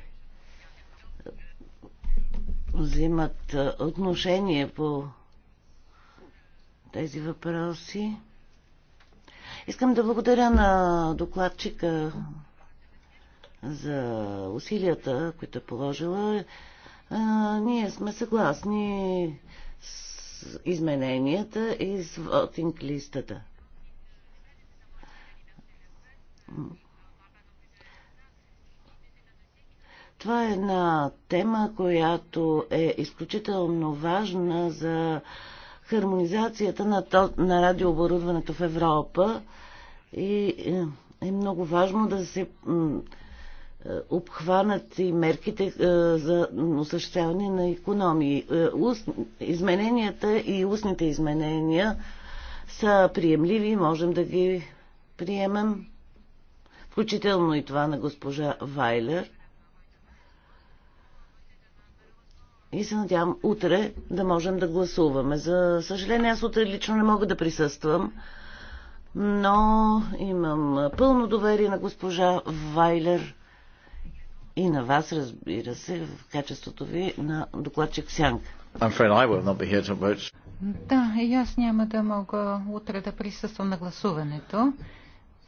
взимат отношение по тези въпроси. Искам да благодаря на докладчика за усилията, които е положила. ние сме съгласни с измененията и с вотинг листата. Това е една тема, която е изключително важна за хармонизацията на, то, на радиооборудването в Европа и е, е много важно да се е, обхванат и мерките е, за осъществяване на економии. Е, измененията и устните изменения са приемливи, можем да ги приемем, включително и това на госпожа Вайлер. И се надявам утре да можем да гласуваме. За съжаление, аз утре лично не мога да присъствам, но имам пълно доверие на госпожа Вайлер – и на вас, разбира се, в качеството ви на докладчик Сянг. Да, и аз няма да мога утре да присъствам на гласуването.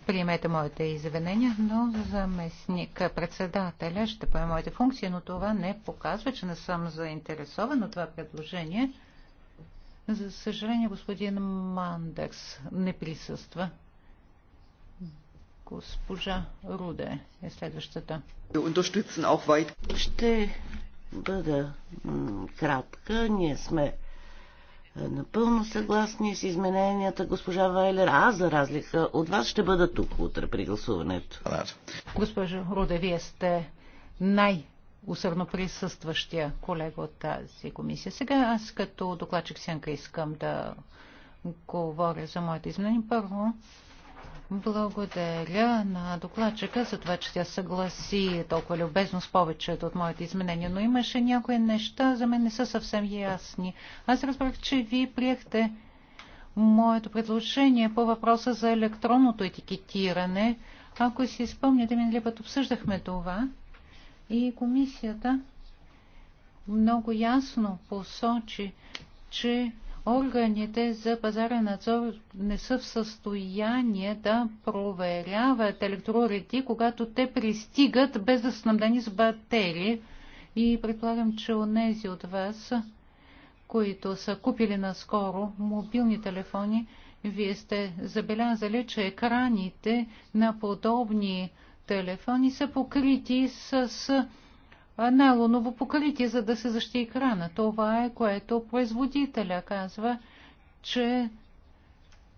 Приемете моите извинения, но заместник председателя ще поема моите функции, но това не показва, че не съм заинтересован от това предложение. За съжаление, господин Мандекс не присъства. Госпожа Руде е следващата. Ще бъда кратка. Ние сме е, напълно съгласни с измененията, госпожа Вайлер. Аз, за разлика от вас, ще бъда тук утре при гласуването. Госпожо Руде, вие сте най- усърно присъстващия колега от тази комисия. Сега аз като докладчик Сенка искам да говоря за моите изменения. Първо, благодаря на докладчика за това, че тя съгласи толкова любезно с повечето от моите изменения, но имаше някои неща, за мен не са съвсем ясни. Аз разбрах, че вие приехте моето предложение по въпроса за електронното етикетиране. Ако си спомняте, ми път обсъждахме това и комисията много ясно посочи, че органите за пазарен надзор не са в състояние да проверяват електроуреди, когато те пристигат без да са снабдени с батерии. И предполагам, че онези от вас, които са купили наскоро мобилни телефони, вие сте забелязали, че екраните на подобни телефони са покрити с найлоново покритие, за да се защи екрана. Това е което производителя казва, че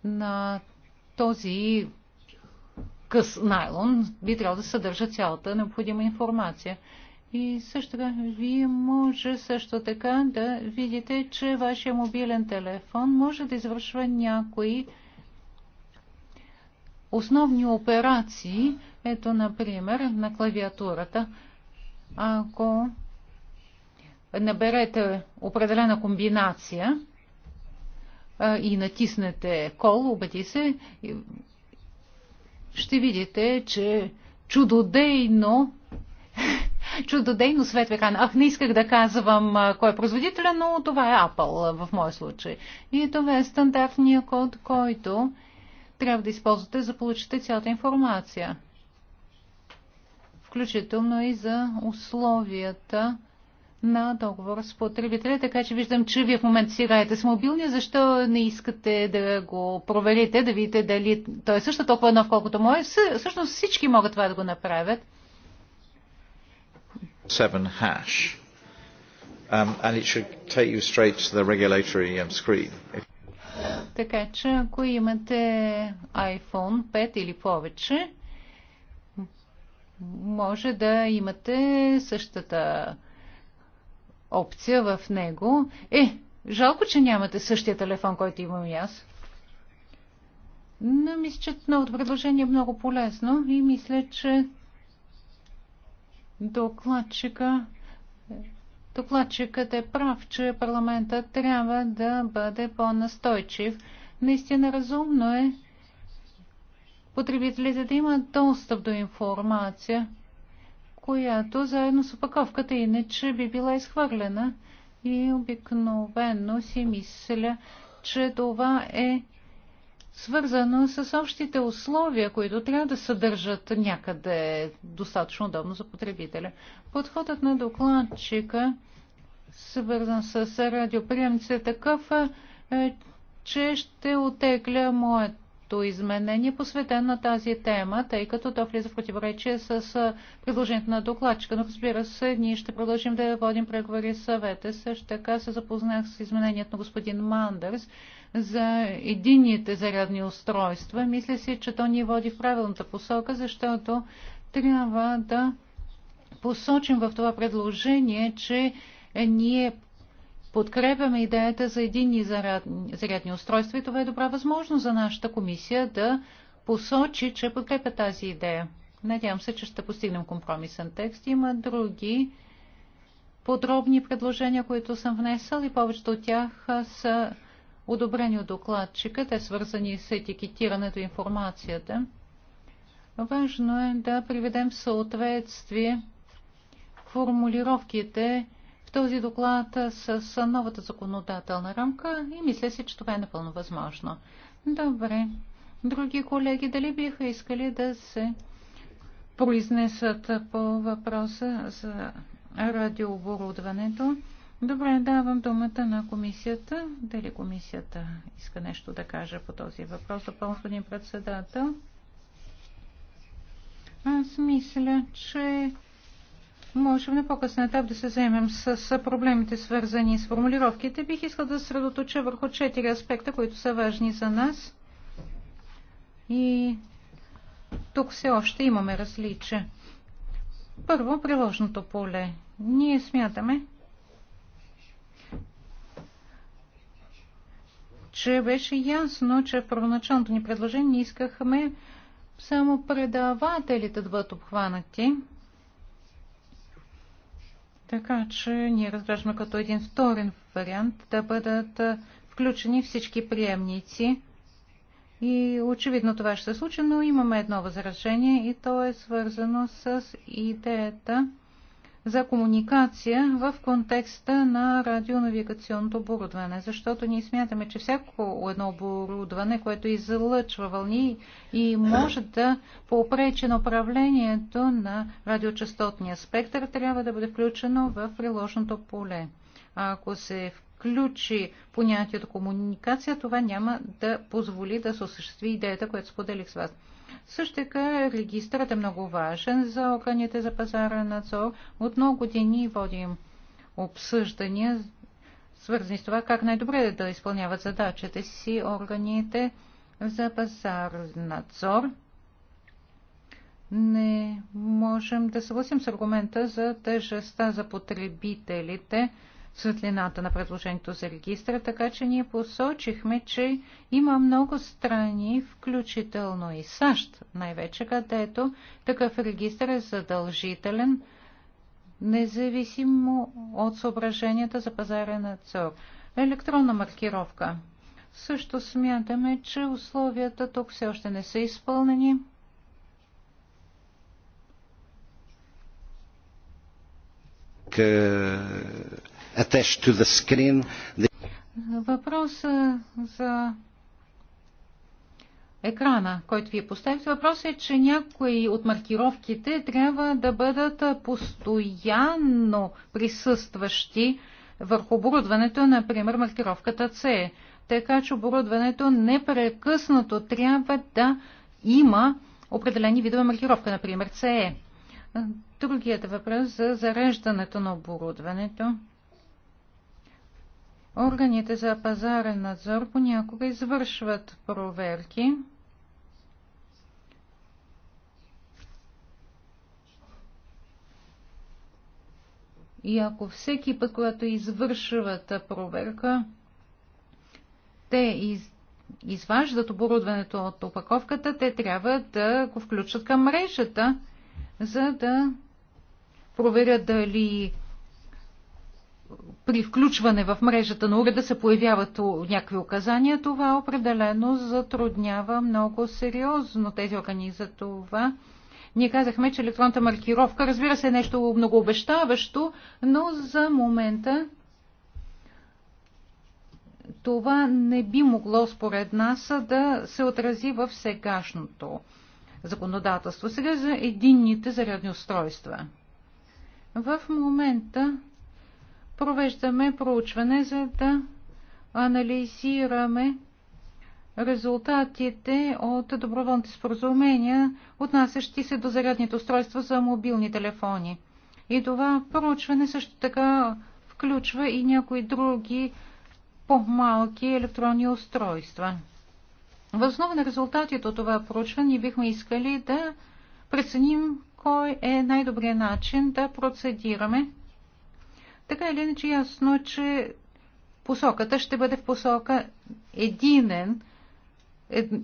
на този къс найлон би трябвало да съдържа цялата необходима информация. И също така, вие може също така да видите, че вашия мобилен телефон може да извършва някои основни операции. Ето, например, на клавиатурата. Ако наберете определена комбинация и натиснете кол, убеди се, ще видите, че чудодейно чудодейно свет в Ах, не исках да казвам кой е производителя, но това е Apple в моя случай. И това е стандартния код, който трябва да използвате, за да получите цялата информация включително и за условията на договора с потребителя, така че виждам, че вие в момента си играете с мобилния. Защо не искате да го проверите, да видите дали той е също толкова нов, колкото мое? Всъщност всички могат това да го направят. 7 hash. Um, and it should take you straight to the regulatory um, screen. If... Така че, ако имате iPhone 5 или повече, може да имате същата опция в него. Е, жалко, че нямате същия телефон, който имам и аз. Но мисля, че новото предложение е много полезно и мисля, че докладчика Докладчикът е прав, че парламентът трябва да бъде по-настойчив. Наистина разумно е потребителите да имат достъп до информация, която заедно с опаковката иначе би била изхвърлена. И обикновено си мисля, че това е свързано с общите условия, които трябва да съдържат някъде достатъчно удобно за потребителя. Подходът на докладчика, свързан с радиоприемниците, е такъв е, че ще отегля моят то изменение, е посветен на тази тема, тъй като то влиза в противоречие с предложението на докладчика. Но разбира се, ние ще продължим да водим преговори с съвета. Също така се запознах с изменението на господин Мандърс за единните зарядни устройства. Мисля си, че то ни води в правилната посока, защото трябва да посочим в това предложение, че е, ние Подкрепяме идеята за единни зарядни устройства и това е добра възможност за нашата комисия да посочи, че подкрепя тази идея. Надявам се, че ще постигнем компромисен текст. Има други подробни предложения, които съм внесъл и повечето от тях са одобрени от докладчика. Те свързани с етикетирането и информацията. Важно е да приведем в съответствие формулировките този доклад с новата законодателна рамка и мисля си, че това е напълно възможно. Добре. Други колеги, дали биха искали да се произнесат по въпроса за радиооборудването? Добре, давам думата на комисията. Дали комисията иска нещо да каже по този въпрос, господин председател? Аз мисля, че можем на по-късен етап да се заемем с, с проблемите, свързани с формулировките. Бих искал да средоточа върху четири аспекта, които са важни за нас. И тук все още имаме различия. Първо, приложното поле. Ние смятаме, че беше ясно, че в първоначалното ни предложение искахме само предавателите да бъдат обхванати – така че ние разглеждаме като един вторен вариант да бъдат включени всички приемници. И очевидно това ще се случи, но имаме едно възражение и то е свързано с идеята за комуникация в контекста на радионавигационното оборудване, защото ние смятаме, че всяко едно оборудване, което излъчва вълни и може да попречи на управлението на радиочастотния спектър, трябва да бъде включено в приложното поле. А ако се включи понятието комуникация, това няма да позволи да се осъществи идеята, която споделих с вас. Също така регистрът е много важен за органите за пазара надзор. От много години водим обсъждания, свързани с това как най-добре да изпълняват задачите си органите за пазар надзор. Не можем да съгласим с аргумента за тежестта за потребителите – светлината на предложението за регистра, така че ние посочихме, че има много страни, включително и САЩ, най-вече където такъв регистр е задължителен, независимо от съображенията за пазарен надзор. Електронна маркировка. Също смятаме, че условията тук все още не са изпълнени attached to the screen. The... за екрана, който вие поставите. Въпросът е, че някои от маркировките трябва да бъдат постоянно присъстващи върху оборудването, например маркировката C. Така че оборудването непрекъснато трябва да има определени видове маркировка, например CE. Другият въпрос за зареждането на оборудването. Органите за пазарен надзор понякога извършват проверки. И ако всеки път, когато извършват проверка, те из... изваждат оборудването от опаковката, те трябва да го включат към мрежата, за да проверят дали при включване в мрежата на уреда се появяват някакви указания, това определено затруднява много сериозно тези органи. За това ние казахме, че електронната маркировка, разбира се, е нещо много обещаващо, но за момента това не би могло според нас да се отрази в сегашното законодателство. Сега за единните зарядни устройства. В момента провеждаме проучване, за да анализираме резултатите от доброволните споразумения, отнасящи се до зарядните устройства за мобилни телефони. И това проучване също така включва и някои други по-малки електронни устройства. Възнова на резултатите от това проучване ни бихме искали да преценим кой е най-добрият начин да процедираме така или иначе ясно е, че посоката ще бъде в посока единен,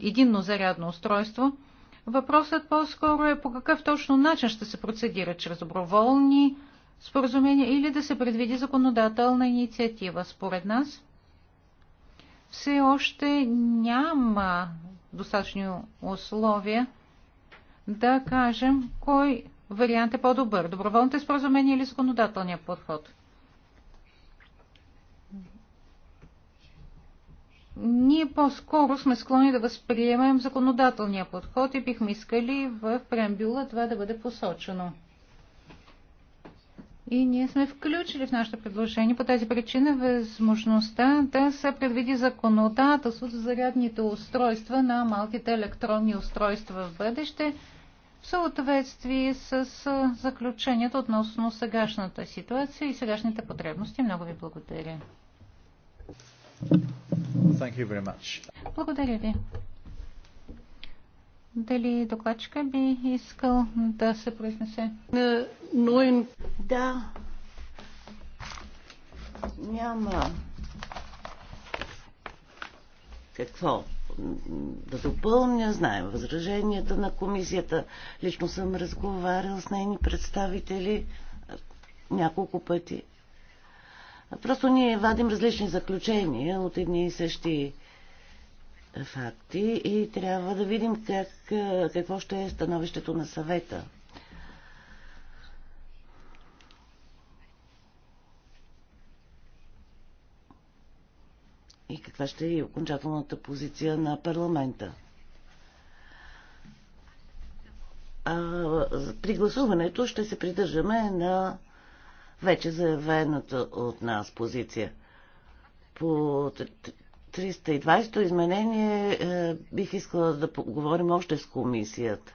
единно зарядно устройство. Въпросът по-скоро е по какъв точно начин ще се процедира, чрез доброволни споразумения или да се предвиди законодателна инициатива. Според нас все още няма достатъчни условия да кажем кой вариант е по-добър. Доброволните споразумения или законодателния подход. ние по-скоро сме склонни да възприемем законодателния подход и бихме искали в преамбюла това да бъде посочено. И ние сме включили в нашето предложение по тази причина възможността да се предвиди законодателство за зарядните устройства на малките електронни устройства в бъдеще в съответствие с заключението относно сегашната ситуация и сегашните потребности. Много ви благодаря. Thank you very much. Благодаря ви. Дали докладчика би искал да се произнесе? Но да. Няма какво да допълня, знаем възраженията на комисията. Лично съм разговарял с нейни представители няколко пъти. Просто ние вадим различни заключения от едни и същи факти и трябва да видим как, какво ще е становището на съвета. И каква ще е окончателната позиция на парламента. А, при гласуването ще се придържаме на вече заявената от нас позиция. По 320-то изменение е, бих искала да поговорим още с комисията.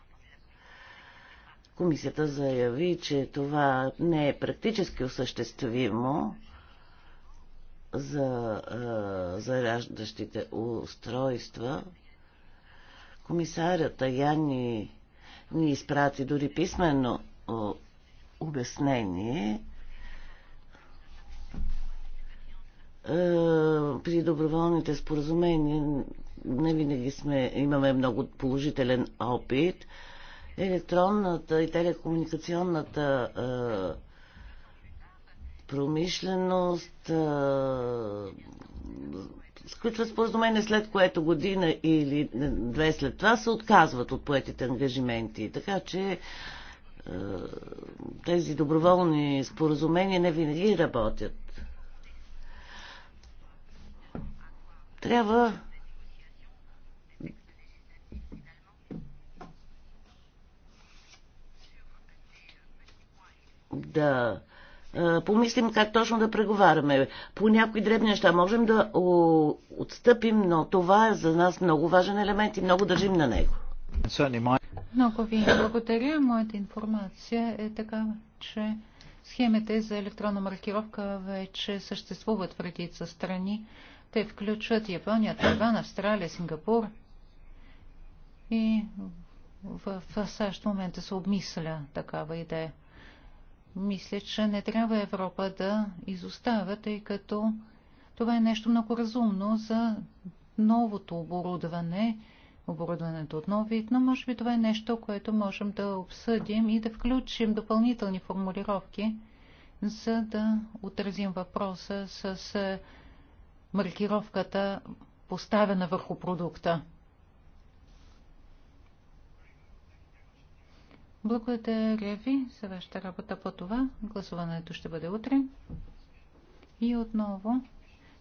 Комисията заяви, че това не е практически осъществимо за е, заряждащите устройства. Комисарята Яни ни изпрати дори писменно е, обяснение Е, при доброволните споразумения не винаги сме, имаме много положителен опит. Електронната и телекомуникационната е, промишленост е, сключват споразумение, след което година или две след това се отказват от поетите ангажименти. Така че е, тези доброволни споразумения не винаги работят. Трябва да помислим как точно да преговаряме. По някои дребни неща можем да отстъпим, но това е за нас много важен елемент и много държим на него. Много ви благодаря. Моята информация е такава, че схемите за електронна маркировка вече съществуват в редица страни. Те включват Япония, Тайван, Австралия, Сингапур. И в, в САЩ в момента се обмисля такава идея. Мисля, че не трябва Европа да изоставя, тъй като това е нещо много разумно за новото оборудване, оборудването от нов вид, но може би това е нещо, което можем да обсъдим и да включим допълнителни формулировки, за да отразим въпроса с маркировката поставена върху продукта. Благодаря ви за вашата работа по това. Гласуването ще бъде утре. И отново,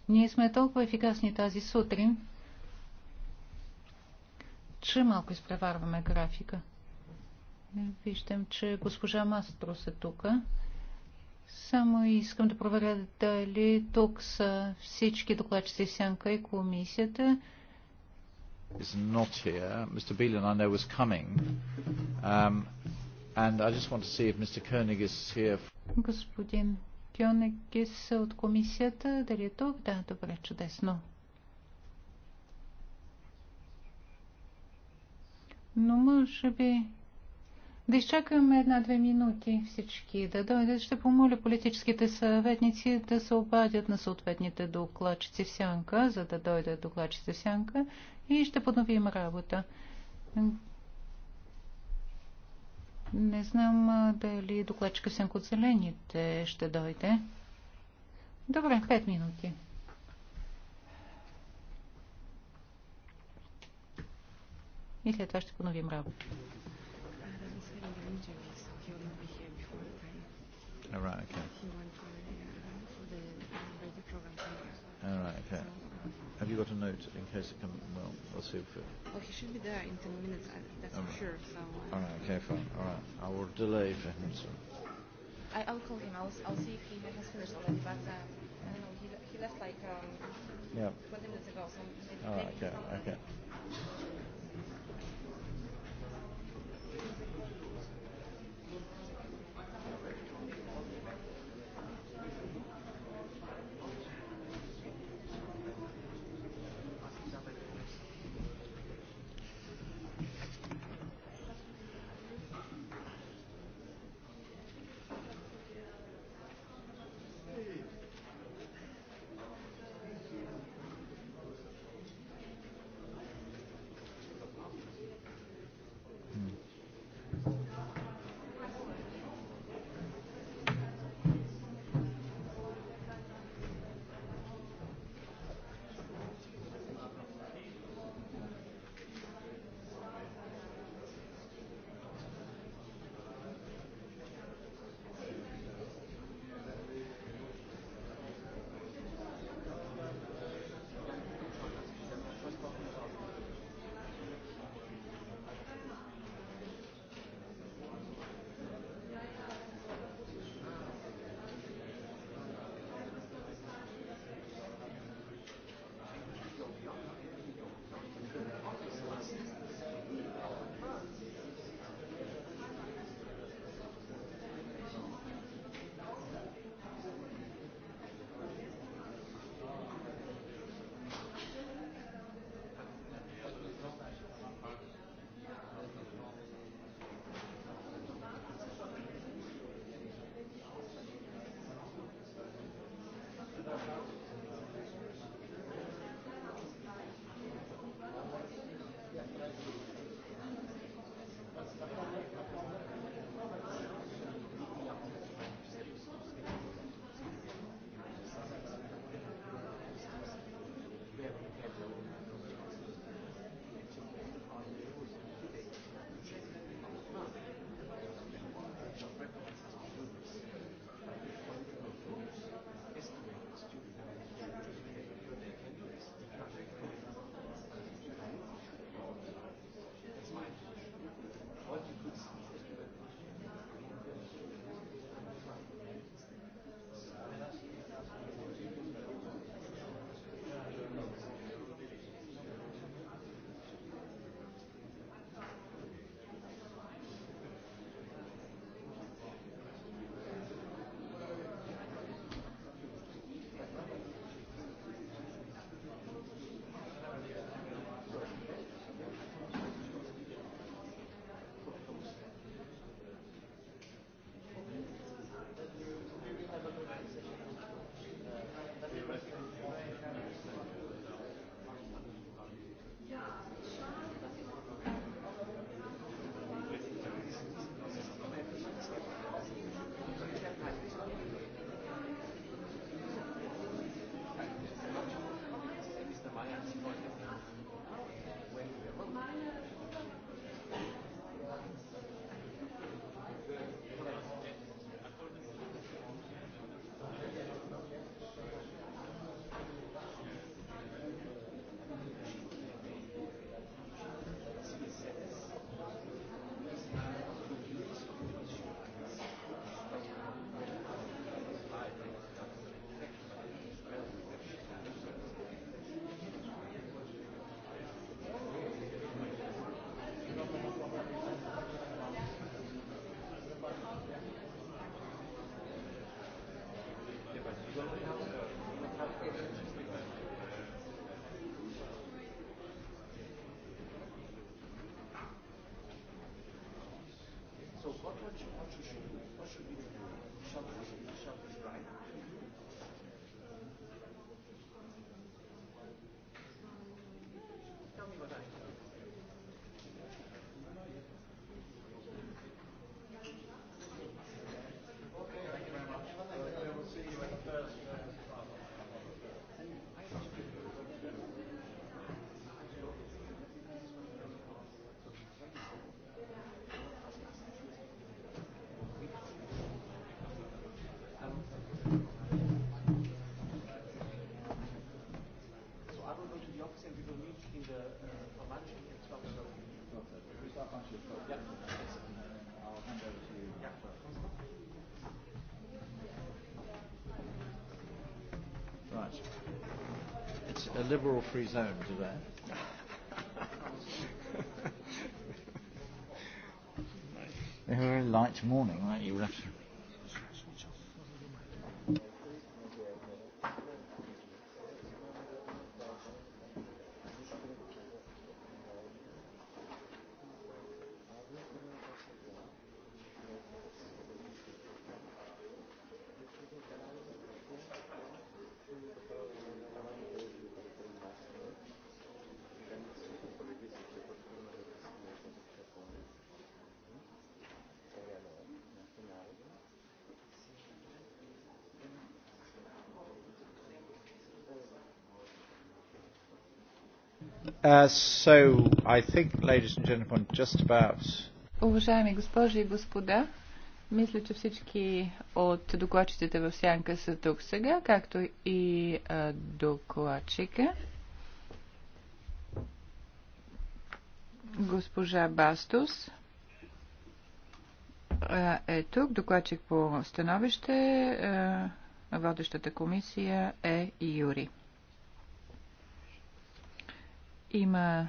ние сме толкова ефикасни тази сутрин, че малко изпреварваме графика. Виждам, че госпожа Мастрос е тук. Само искам да проверя дали тук са всички докладчици в сянка и комисията. Is not here. Mr. Beelan, I know, was coming. Um, and I just want to see if Mr. Koenig is here. Господин Кьонегис от комисията, дали е тук? Да, добре, чудесно. Но може би да изчакаме една-две минути всички да дойдат. Ще помоля политическите съветници да се обадят на съответните докладчици в сянка, за да дойдат докладчици в сянка и ще подновим работа. Не знам дали докладчика в сянка от зелените ще дойде. Добре, пет минути. И след това ще подновим работа. All right, okay. He went for, uh, the radio program here. All right, okay. Have you got a note in case it comes? Well, we'll see if it. Oh, he should be there in 10 minutes, that's for sure. So. Uh, all right, okay, fine. All right. I will delay for him, so. I, I'll call him. I'll, I'll see if he has finished already, but uh, I don't know. He, he left like um, yeah. 20 minutes ago. So all right, okay, okay. очень-очень-очень. Right. It's a liberal free zone today. a very light morning, right? You would have to Uh, Уважаеми госпожи и господа, мисля, че всички от докладчиците в Сянка са тук сега, както и докладчика. Госпожа Бастус е тук, докладчик по становище. водещата комисия е Юри. Има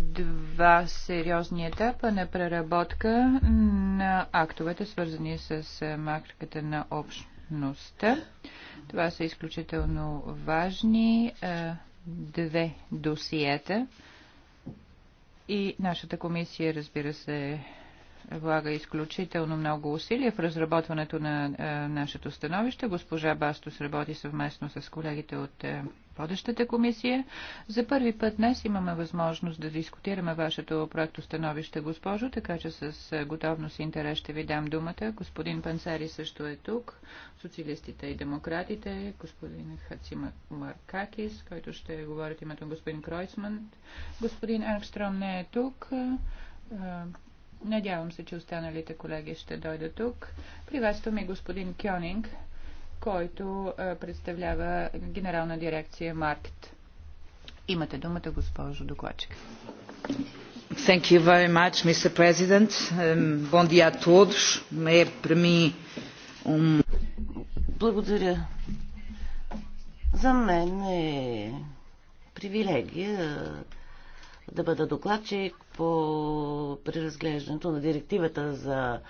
два сериозни етапа на преработка на актовете, свързани с марката на общността. Това са изключително важни две досиета. И нашата комисия, разбира се, влага изключително много усилия в разработването на нашето становище. Госпожа Бастос работи съвместно с колегите от водещата комисия. За първи път днес имаме възможност да дискутираме вашето проекто становище, госпожо, така че с е, готовност и интерес ще ви дам думата. Господин Пансари също е тук, социалистите и демократите, господин Хацима Маркакис, който ще говори от името господин Кройсман. Господин Ангстром не е тук. Е, надявам се, че останалите колеги ще дойдат тук. Приветствам и господин Кьонинг, който е, представлява Генерална дирекция Маркет. Имате думата, госпожо докладчик. Thank you very much, Mr. President. bon dia a todos. É para mim um... Благодаря. За мен е привилегия да бъда докладчик по преразглеждането на директивата за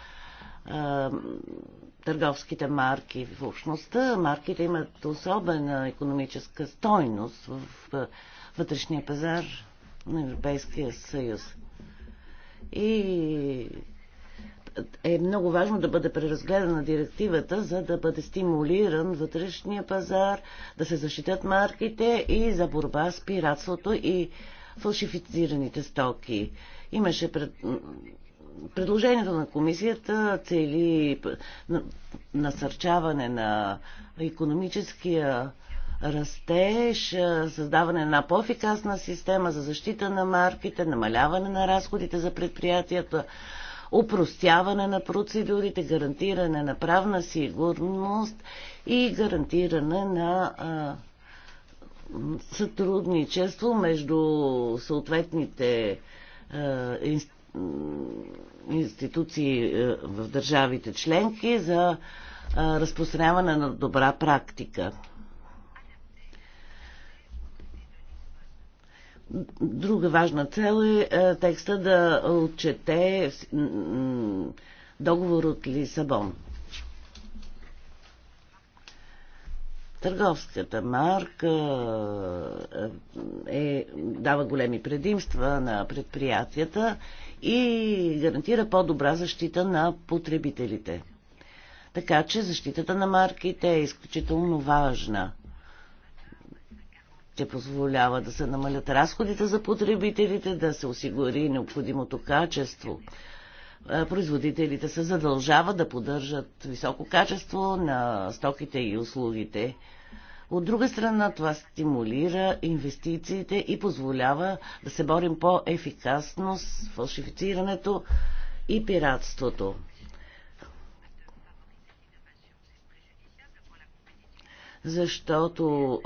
търговските марки в общността. Марките имат особена економическа стойност в вътрешния пазар на Европейския съюз. И е много важно да бъде преразгледана директивата, за да бъде стимулиран вътрешния пазар, да се защитят марките и за борба с пиратството и фалшифицираните стоки. Имаше пред... Предложението на комисията цели насърчаване на економическия растеж, създаване на по-ефикасна система за защита на марките, намаляване на разходите за предприятията, упростяване на процедурите, гарантиране на правна сигурност и гарантиране на а, сътрудничество между съответните а, институции е, в държавите членки за е, разпространяване на добра практика. Друга важна цел е, е текста да отчете договор от Лисабон. Търговската марка е, дава големи предимства на предприятията и гарантира по-добра защита на потребителите. Така че защитата на марките е изключително важна. Тя позволява да се намалят разходите за потребителите, да се осигури необходимото качество. Е, производителите се задължават да поддържат високо качество на стоките и услугите. От друга страна, това стимулира инвестициите и позволява да се борим по-ефикасно с фалшифицирането и пиратството. Защото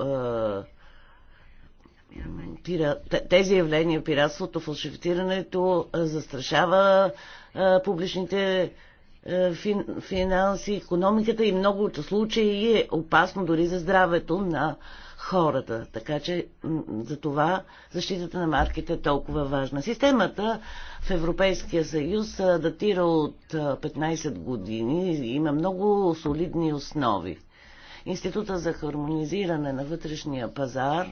тези явления, пиратството, фалшифицирането застрашава публичните е, финанси, економиката и много от случаи е опасно дори за здравето на хората. Така че за това защитата на марките е толкова важна. Системата в Европейския съюз е, датира от 15 е, години и има много солидни основи. Института за хармонизиране на вътрешния пазар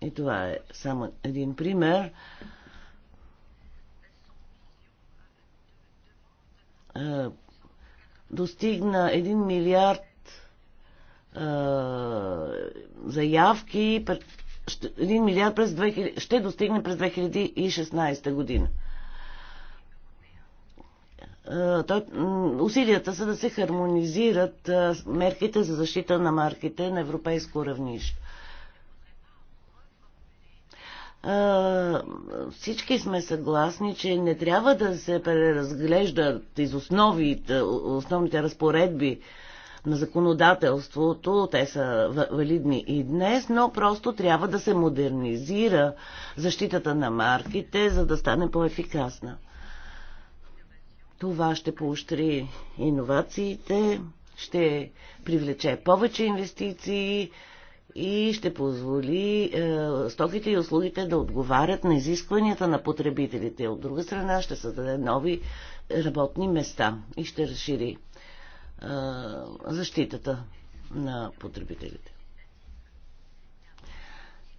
и това е само един пример, Е, достигна 1 милиард е, заявки, 1 милиард през 2000, ще достигне през 2016 година. Е, той, усилията са да се хармонизират мерките за защита на марките на европейско равнище всички сме съгласни, че не трябва да се преразглеждат из основите, основните разпоредби на законодателството, те са валидни и днес, но просто трябва да се модернизира защитата на марките, за да стане по-ефикасна. Това ще поощри иновациите, ще привлече повече инвестиции, и ще позволи е, стоките и услугите да отговарят на изискванията на потребителите. От друга страна ще създаде нови работни места и ще разшири е, защитата на потребителите.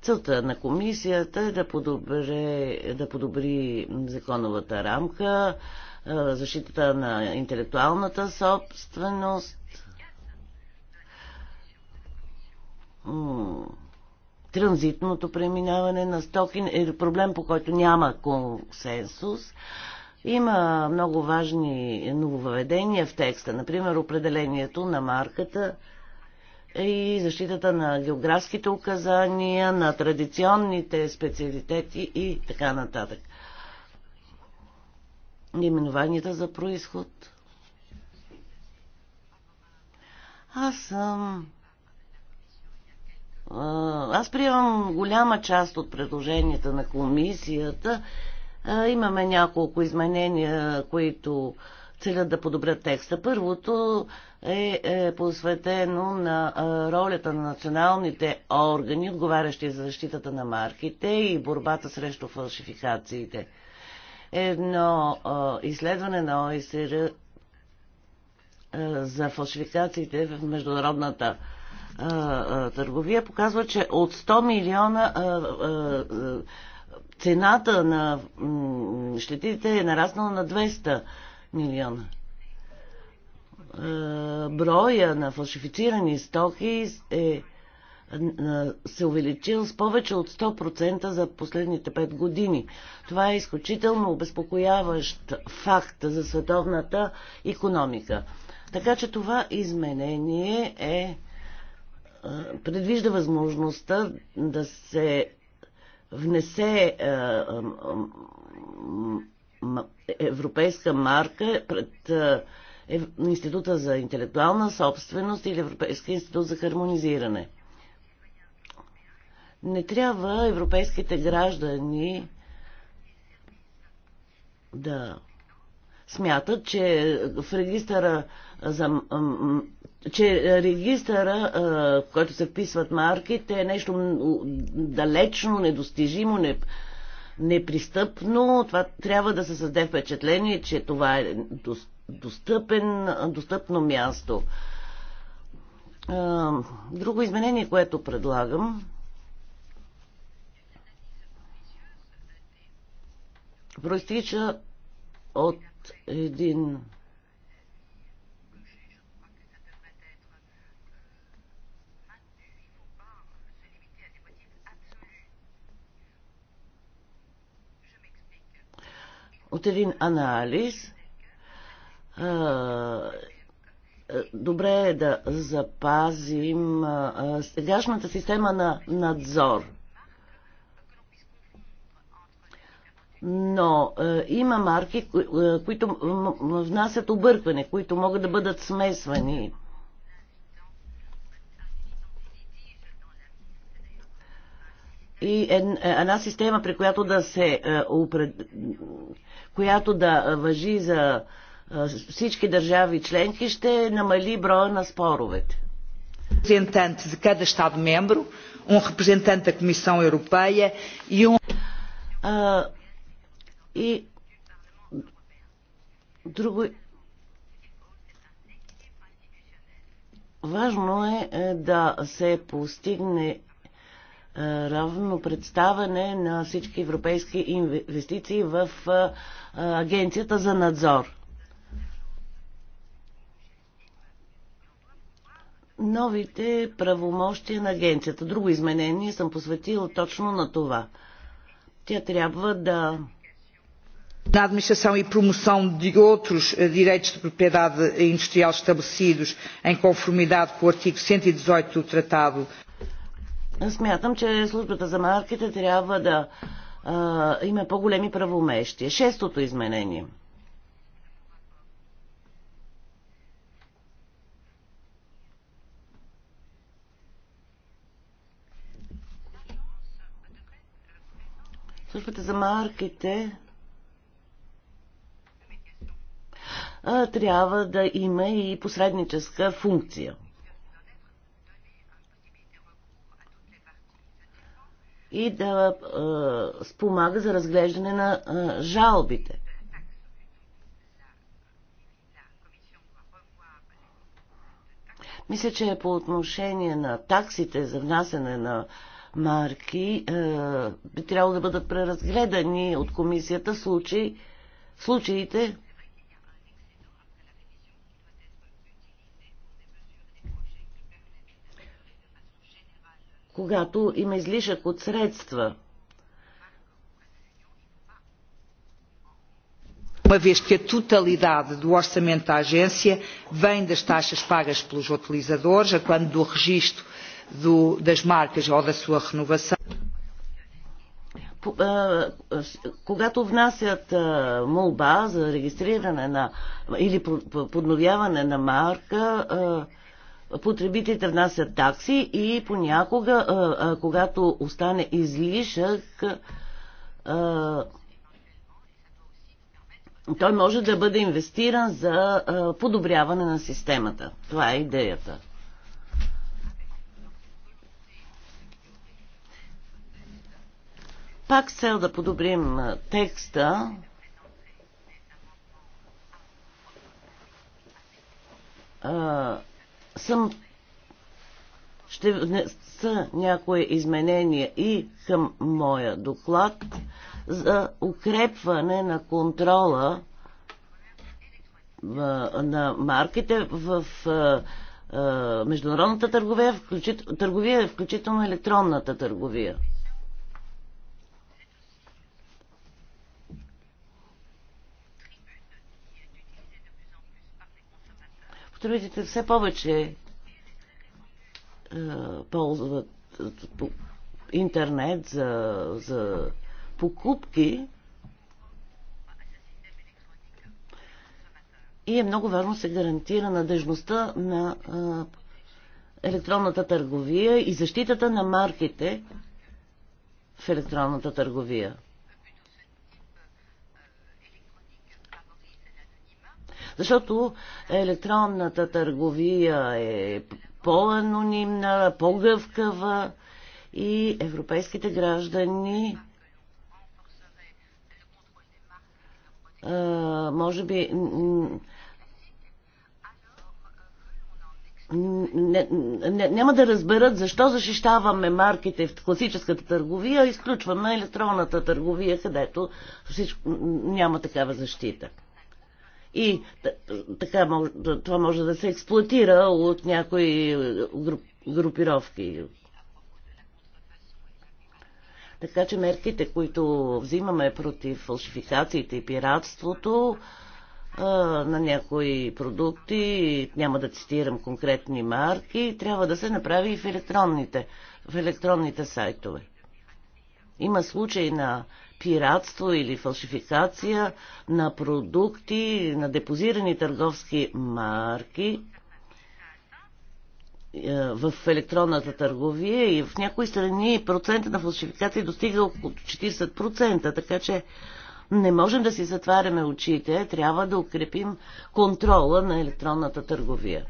Целта на комисията е да подобри, да подобри законовата рамка, е, защитата на интелектуалната собственост, транзитното преминаване на стоки е проблем, по който няма консенсус. Има много важни нововведения в текста, например определението на марката и защитата на географските указания, на традиционните специалитети и така нататък. Именованията за происход. Аз съм аз приемам голяма част от предложенията на комисията. Имаме няколко изменения, които целят да подобрят текста. Първото е, е посветено на ролята на националните органи, отговарящи за защитата на марките и борбата срещу фалшификациите. Едно изследване на ОИСР за фалшификациите в международната търговия показва, че от 100 милиона цената на щетите е нараснала на 200 милиона. Броя на фалшифицирани стоки е се увеличил с повече от 100% за последните 5 години. Това е изключително обезпокояващ факт за световната економика. Така че това изменение е предвижда възможността да се внесе европейска марка пред Института за интелектуална собственост или Европейския институт за хармонизиране. Не трябва европейските граждани да смятат, че в регистъра за че е, регистъра, е, в който се вписват марките, е нещо далечно, недостижимо, не, непристъпно. Това трябва да се създаде впечатление, че това е достъпен, достъпно място. Е, друго изменение, което предлагам, проистича от един от един анализ. Добре е да запазим сегашната система на надзор. Но е, има марки, кои, е, които внасят объркване, които могат да бъдат смесвани. И е, една система, при която да се е, която да въжи за всички държави членки, ще намали броя на споровете. Representante de cada Estado membro, um representante da Comissão Europeia e um. и друго. Важно е, е да се постигне е, равно представяне на всички европейски инвестиции в е, е, Агенцията за надзор. Новите правомощия на агенцията. Друго изменение съм посветил точно на това. Тя трябва да на администрация и promoção de outros eh, direitos de propriedade industrial estabelecidos em conformidade com o artigo 118 e do Tratado Смятам, че службата за марките трябва да а, има по-големи правомещия. Шестото изменение. Службата за марките а, трябва да има и посредническа функция. и да е, спомага за разглеждане на е, жалбите. Мисля, че по отношение на таксите за внасене на марки е, би трябвало да бъдат преразгледани от комисията случаи, случаите, когато има излишък от средства. uma vez que a totalidade do orçamento da agência vem das taxas pagas pelos utilizadores, a quando do registro do, das marcas ou da sua renovação. Когато внасят молба за регистриране на или подновяване на марка, потребителите внасят такси и понякога, когато остане излишък, той може да бъде инвестиран за подобряване на системата. Това е идеята. Пак с цел да подобрим текста, а, съм ще внеса някои изменения и към моя доклад за укрепване на контрола на марките в международната търговия, търговия, включително електронната търговия. Както все повече е, ползват е, интернет за, за покупки. И е много важно се гарантира надежността на а, е, електронната търговия и защитата на марките в електронната търговия. Защото електронната търговия е по-анонимна, по-гъвкава и европейските граждани може би не, не, няма да разберат защо защищаваме марките в класическата търговия, изключваме електронната търговия, където всичко, няма такава защита. И така, това може да се експлуатира от някои е, групировки. Така че мерките, които взимаме против фалшификациите и пиратството на някои продукти, няма да цитирам конкретни марки, трябва да се направи и в електронните, в електронните сайтове. Има случаи на пиратство или фалшификация на продукти, на депозирани търговски марки е, в електронната търговия и в някои страни процента на фалшификации достига около 40%, така че не можем да си затваряме очите, трябва да укрепим контрола на електронната търговия.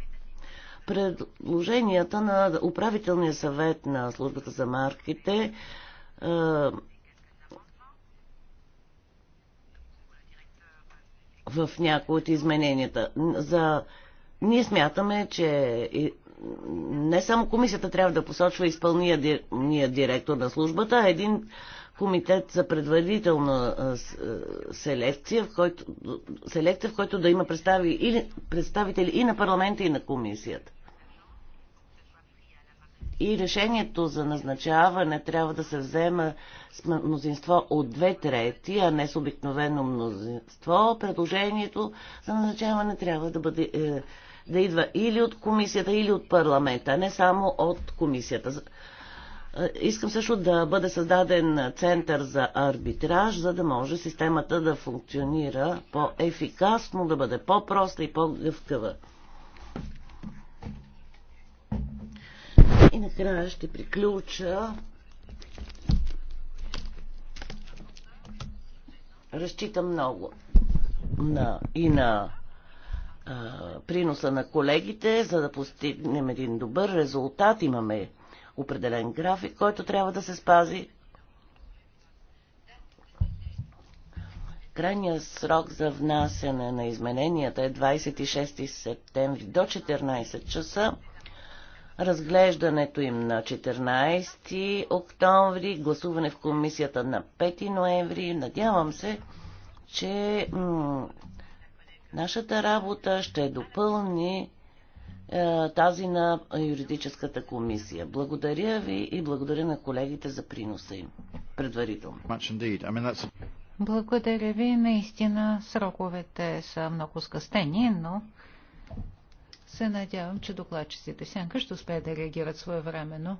Предложенията на управителния съвет на службата за марките е, в някои от измененията. За... Ние смятаме, че не само комисията трябва да посочва изпълния директор на службата, а един комитет за предварителна селекция, в който, селекция, в който да има представители и на парламента, и на комисията и решението за назначаване трябва да се взема с мнозинство от две трети, а не с обикновено мнозинство, предложението за назначаване трябва да бъде е, да идва или от комисията, или от парламента, а не само от комисията. Е, искам също да бъде създаден център за арбитраж, за да може системата да функционира по-ефикасно, да бъде по-проста и по-гъвкава. И накрая ще приключа. Разчитам много на, и на а, приноса на колегите, за да постигнем един добър резултат. Имаме определен график, който трябва да се спази. Крайният срок за внасяне на измененията е 26 септември до 14 часа разглеждането им на 14 октомври, гласуване в комисията на 5 ноември. Надявам се, че нашата работа ще допълни е, тази на юридическата комисия. Благодаря ви и благодаря на колегите за приноса им предварително. Благодаря ви. Наистина сроковете са много скъстени, но се надявам, че докладчиците сянка ще успеят да реагират своевременно.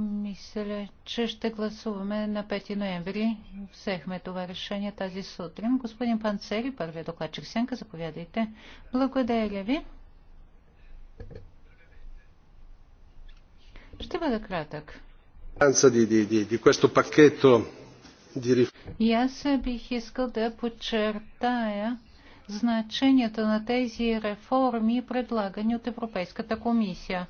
Мисля, че ще гласуваме на 5 ноември. Взехме това решение тази сутрин. Господин Панцери, първият докладчик сянка, заповядайте. Благодаря ви. Ще бъда кратък. И аз бих искал да подчертая значението на тези реформи, предлагани от Европейската комисия.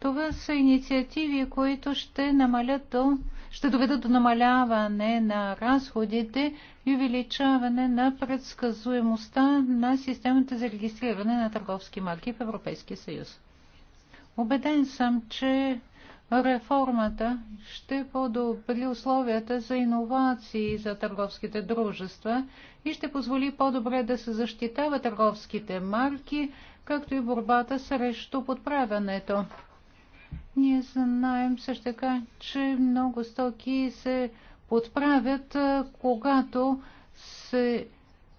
Това са инициативи, които ще, намалят до, ще доведат до намаляване на разходите и увеличаване на предсказуемостта на системата за регистриране на търговски марки в Европейския съюз. Обеден съм, че Реформата ще подобри условията за иновации за търговските дружества и ще позволи по-добре да се защитава търговските марки, както и борбата срещу подправянето. Ние знаем също така, че много стоки се подправят, когато се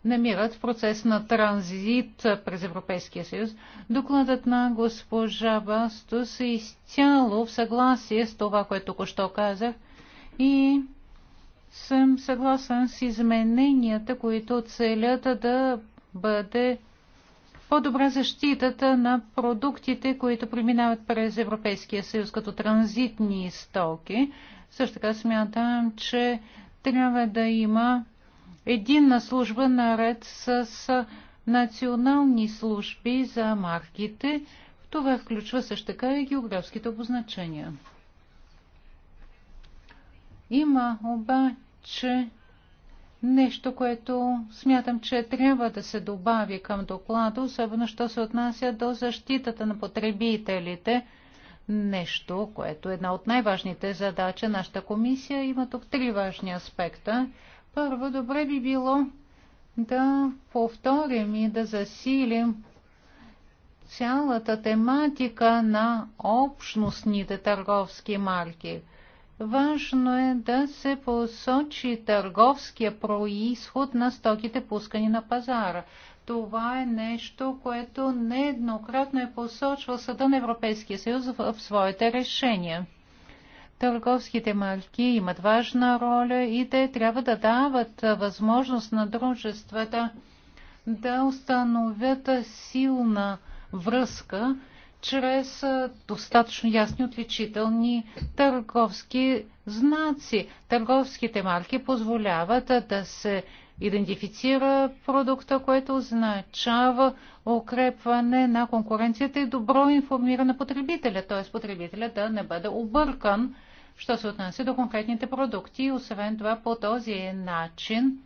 намират в процес на транзит през Европейския съюз. Докладът на госпожа Бастус е изцяло в съгласие с това, което току-що казах и съм съгласен с измененията, които целят да бъде по-добра защитата на продуктите, които преминават през Европейския съюз като транзитни стоки. Също така смятам, че трябва да има единна служба наред с национални служби за марките. Това включва също така и географските обозначения. Има обаче нещо, което смятам, че трябва да се добави към доклада, особено що се отнася до защитата на потребителите. Нещо, което е една от най-важните задачи нашата комисия. Има тук три важни аспекта. Първо, добре би било да повторим и да засилим цялата тематика на общностните търговски марки. Важно е да се посочи търговския происход на стоките пускани на пазара. Това е нещо, което нееднократно е посочвал Съда на Европейския съюз в своите решения. Търговските марки имат важна роля и те трябва да дават възможност на дружествата да установят силна връзка чрез достатъчно ясни отличителни търговски знаци. Търговските марки позволяват да се идентифицира продукта, което означава укрепване на конкуренцията и добро информиране на потребителя, т.е. потребителя да не бъде объркан що се отнася до конкретните продукти. Освен това, по този начин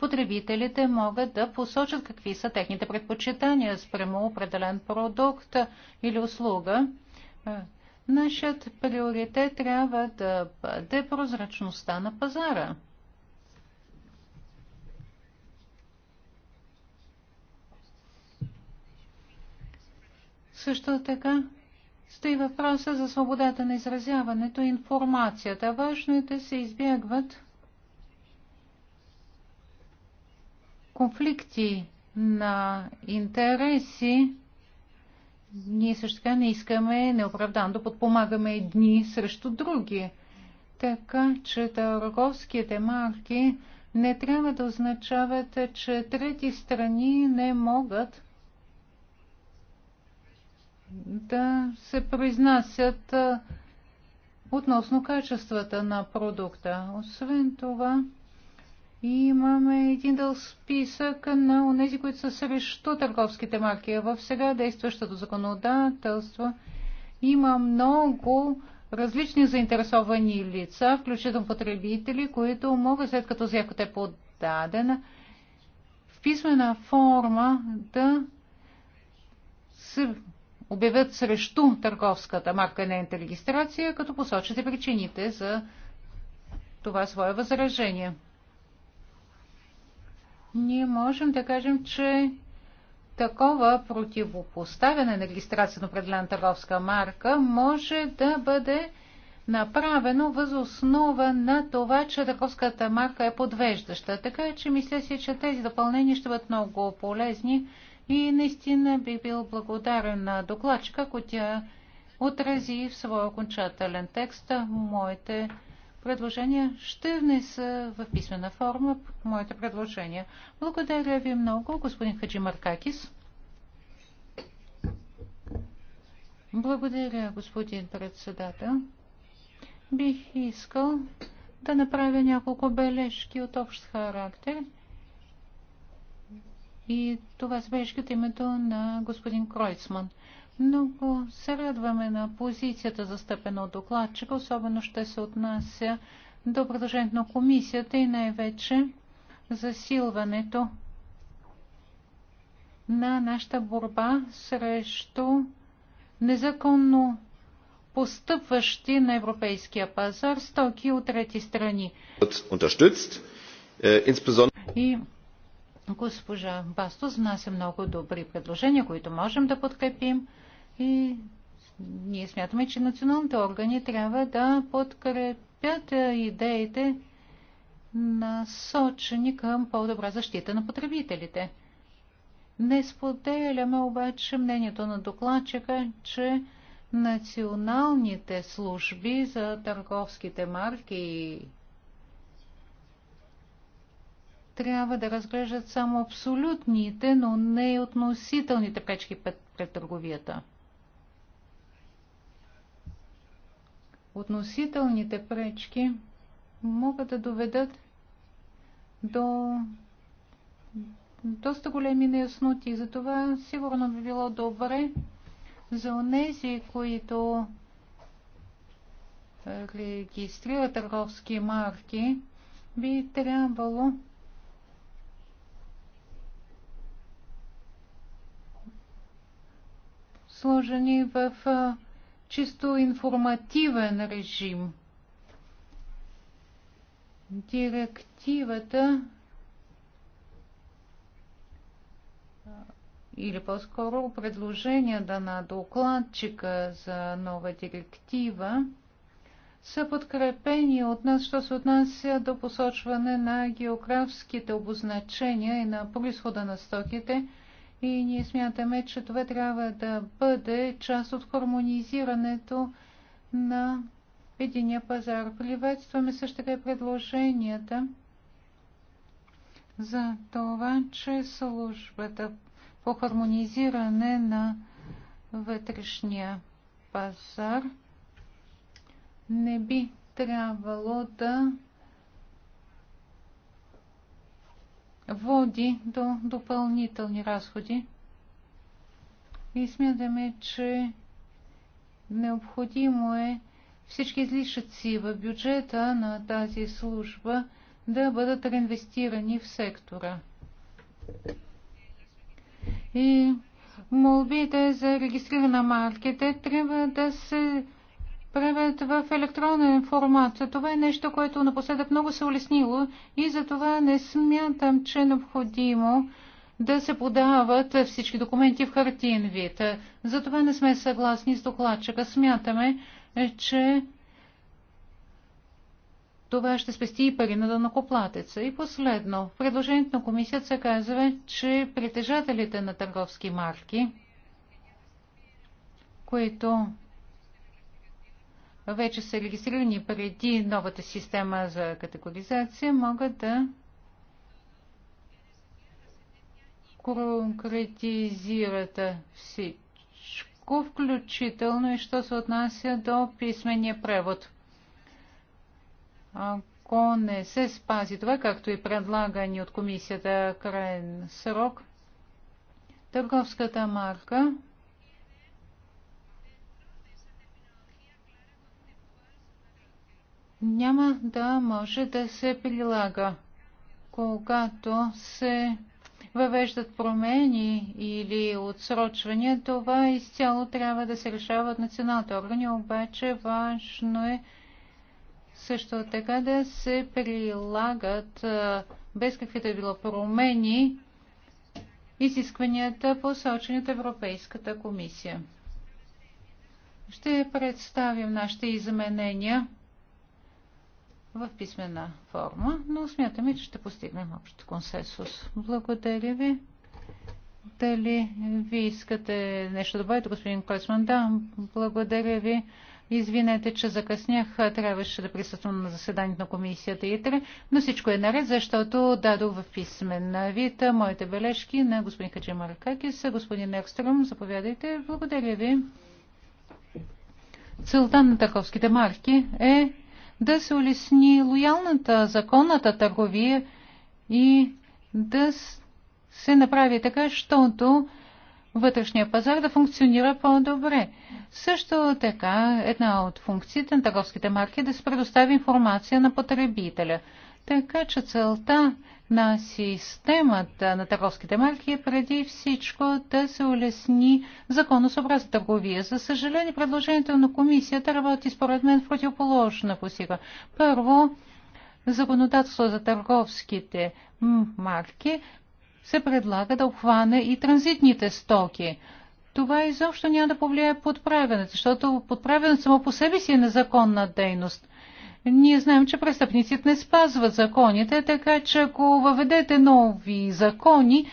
потребителите могат да посочат какви са техните предпочитания спрямо определен продукт или услуга. Е, нашият приоритет трябва да бъде прозрачността на пазара. Също така стои въпроса за свободата на изразяването и информацията. Важно е да се избягват конфликти на интереси. Ние също така не искаме неоправдано да подпомагаме едни срещу други. Така че търговските марки не трябва да означават, че трети страни не могат да се произнасят относно качествата на продукта. Освен това, имаме един дъл списък на тези, които са срещу търговските марки. В сега действащото законодателство има много различни заинтересовани лица, включително потребители, които могат, след като заявката е подадена, в писмена форма да обявят срещу търговската марка и нейната регистрация, като посочите причините за това свое възражение. Ние можем да кажем, че такова противопоставяне на регистрация на определена търговска марка може да бъде направено въз основа на това, че търговската марка е подвеждаща. Така че мисля си, че тези допълнения ще бъдат много полезни и наистина би бил благодарен на докладчика, ако тя отрази в своя окончателен текст моите предложения. Ще внеса в писмена форма моите предложения. Благодаря ви много, господин Хаджи Маркакис. Благодаря, господин председател. Бих искал да направя няколко бележки от общ характер – и това забележка от името на господин Кройцман. Много се радваме на позицията за застъпена от докладчика, особено ще се отнася до продължението на комисията и най-вече засилването на нашата борба срещу незаконно постъпващи на европейския пазар стоки от трети страни. Е, и Госпожа Бастос внася много добри предложения, които можем да подкрепим и ние смятаме, че националните органи трябва да подкрепят идеите насочени към по-добра защита на потребителите. Не споделяме обаче мнението на докладчика, че националните служби за търговските марки и трябва да разглеждат само абсолютните, но не и относителните пречки пред, пред търговията. Относителните пречки могат да доведат до доста големи неясноти. Затова сигурно би било добре за онези, които регистрират търговски марки, би трябвало сложени в чисто информативен режим. Директивата или по-скоро предложенията на докладчика за нова директива са подкрепени от нас, що се отнася до посочване на географските обозначения и на происхода на стоките – и ние смятаме, че това трябва да бъде част от хармонизирането на единия пазар. Приветстваме също така предложенията за това, че службата по хармонизиране на вътрешния пазар не би трябвало да води до допълнителни разходи. И смятаме, че необходимо е всички излишъци в бюджета на тази служба да бъдат реинвестирани в сектора. И молбите за регистрирана маркета трябва да се правят в електронен формат. Това е нещо, което напоследък много се улеснило и затова не смятам, че е необходимо да се подават всички документи в хартиен вид. Затова не сме съгласни с докладчика. Смятаме, че това ще спести и пари на данокоплатеца. И последно, в предложението на комисията се казва, че притежателите на търговски марки, които вече са регистрирани преди новата система за категоризация, могат да конкретизират всичко, включително и що се отнася до писмения превод. Ако не се спази това, както и предлага ни от комисията крайен срок, търговската марка няма да може да се прилага, когато се въвеждат промени или отсрочвания, това изцяло трябва да се решава от националните органи, обаче важно е също така да се прилагат без каквито е било промени изискванията посочени от Европейската комисия. Ще представим нашите изменения в писмена форма, но смятаме, че ще постигнем общ консенсус. Благодаря ви. Дали ви искате нещо да добавите, господин Койсман? Да, благодаря ви. Извинете, че закъснях. Трябваше да присъствам на заседанието на комисията ИТРЕ, но всичко е наред, защото дадох в писмен вид моите бележки на господин Хаджи Маркакис. Господин Екстром, заповядайте. Благодаря ви. Целта на таковските марки е да се улесни лоялната законната търговия и да се направи така, защото вътрешния пазар да функционира по-добре. Също така, една от функциите на търговските марки е да се предостави информация на потребителя – така че целта на системата на търговските марки е преди всичко да се улесни законосъобразна търговия. За съжаление, предложението на комисията работи според мен в противоположна посика. Първо, законодателство за търговските марки се предлага да обхване и транзитните стоки. Това изобщо няма да повлияе подправенето, защото подправенето само по себе си е незаконна дейност. Ние знаем, че престъпниците не спазват законите, така че ако въведете нови закони,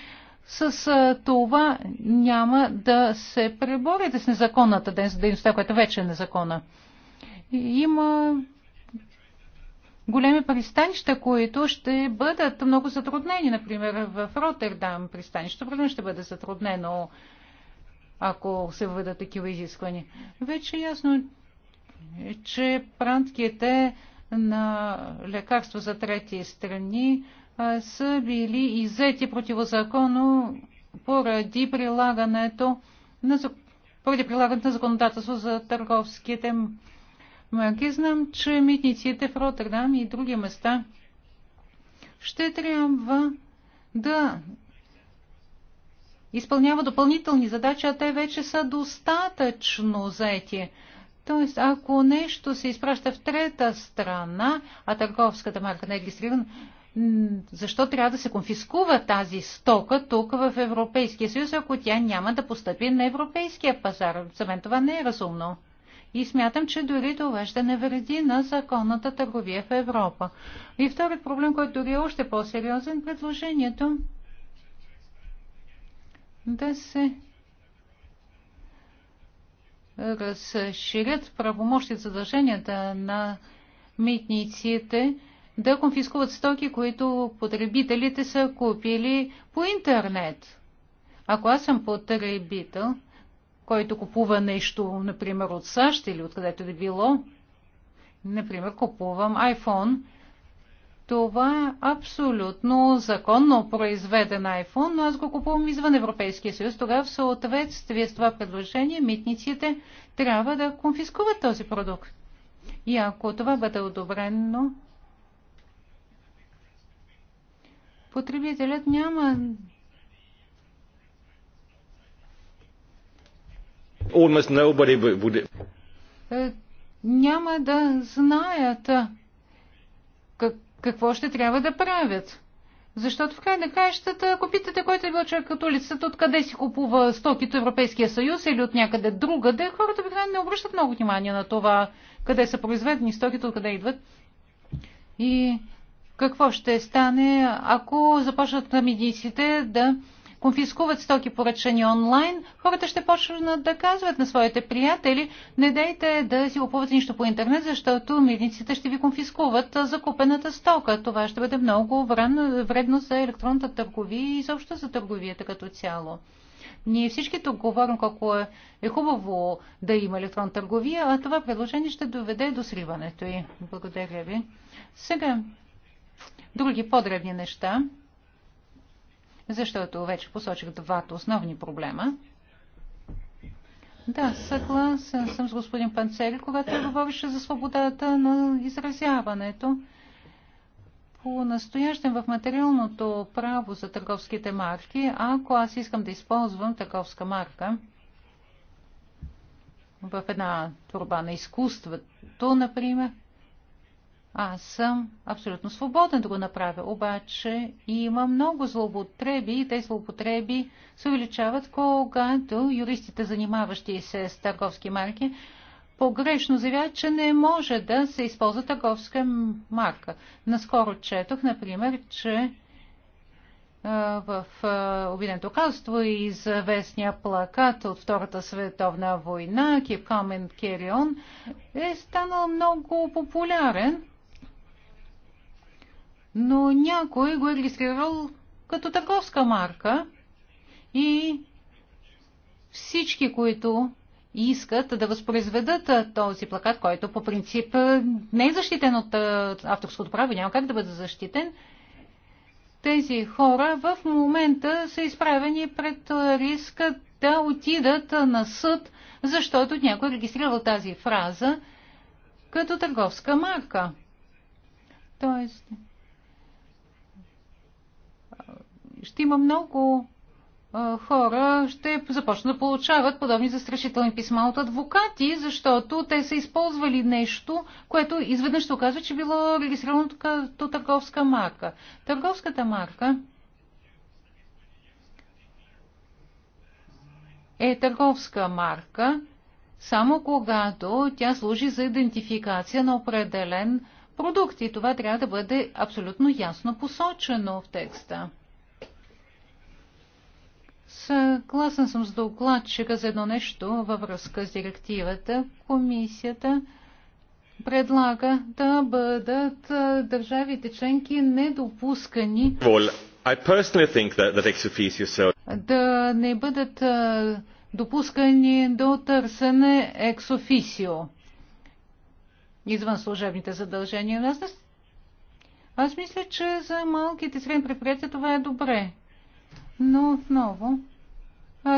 с това няма да се преборите с незаконната дейността, която вече е незаконна. Има големи пристанища, които ще бъдат много затруднени. Например, в Роттердам пристанището определено ще бъде затруднено, ако се въведат такива изисквания. Вече е ясно, че пранките на лекарства за трети страни са били иззети противозаконно поради прилагането на, поради прилагането на законодателство за търговските марки. Знам, че митниците в Роттердам и други места ще трябва да изпълнява допълнителни задачи, а те вече са достатъчно заети. Тоест, ако нещо се изпраща в трета страна, а търговската марка не е регистрирана, защо трябва да се конфискува тази стока тук в Европейския съюз, ако тя няма да постъпи на европейския пазар? За мен това не е разумно. И смятам, че дори това ще не вреди на законната търговия в Европа. И вторият проблем, който дори е още по-сериозен, е предложението да се разширят правомощите задълженията на митниците да конфискуват стоки, които потребителите са купили по интернет. Ако аз съм потребител, който купува нещо, например, от САЩ или откъдето е да било, например, купувам iPhone – това е абсолютно законно произведен iPhone, но аз го купувам извън Европейския съюз. Тогава в съответствие с това предложение митниците трябва да конфискуват този продукт. И ако това бъде одобрено, потребителят няма Almost nobody would... Е, няма да знаят какво ще трябва да правят. Защото в край на краищата, ако питате който е бил човек като лицата, откъде си купува стоки от Европейския съюз или от някъде другаде, хората обикновено не обръщат много внимание на това, къде са произведени стоките, откъде идват. И какво ще стане, ако започнат медиците да конфискуват стоки поръчани онлайн, хората ще почнат да казват на своите приятели, не дайте да си купувате нищо по интернет, защото мирниците ще ви конфискуват закупената стока. Това ще бъде много вредно за електронната търговия и изобщо за търговията като цяло. Ние всички тук говорим колко е, е хубаво да има електронна търговия, а това предложение ще доведе до сриването й. Благодаря ви. Сега, други по неща защото вече посочих двата основни проблема. Да, съгласен съм с господин Панцели, когато говореше за свободата на изразяването. По-настоящем в материалното право за търговските марки, ако аз искам да използвам търговска марка в една турба на изкуството, например, аз съм абсолютно свободен да го направя, обаче има много злоупотреби и тези злоупотреби се увеличават, когато юристите, занимаващи се с търговски марки, погрешно заявяват, че не може да се използва търговска марка. Наскоро четох, например, че в Обединеното казство и известния плакат от Втората световна война Keep Coming Carry On е станал много популярен но някой го е регистрирал като търговска марка и всички, които искат да възпроизведат този плакат, който по принцип не е защитен от авторското право, няма как да бъде защитен, тези хора в момента са изправени пред риска да отидат на съд, защото някой е регистрирал тази фраза като търговска марка. Тоест, ще има много хора ще започнат да получават подобни застрашителни писма от адвокати, защото те са използвали нещо, което изведнъж се оказва, че било регистрирано като търговска марка. Търговската марка е търговска марка само когато тя служи за идентификация на определен продукт и това трябва да бъде абсолютно ясно посочено в текста. Съгласен съм с докладчика за едно нещо във връзка с директивата. Комисията предлага да бъдат държавите членки недопускани да не бъдат допускани до търсене ексофисио извън служебните задължения. Аз, не... Аз мисля, че за малките и средни предприятия това е добре. Но отново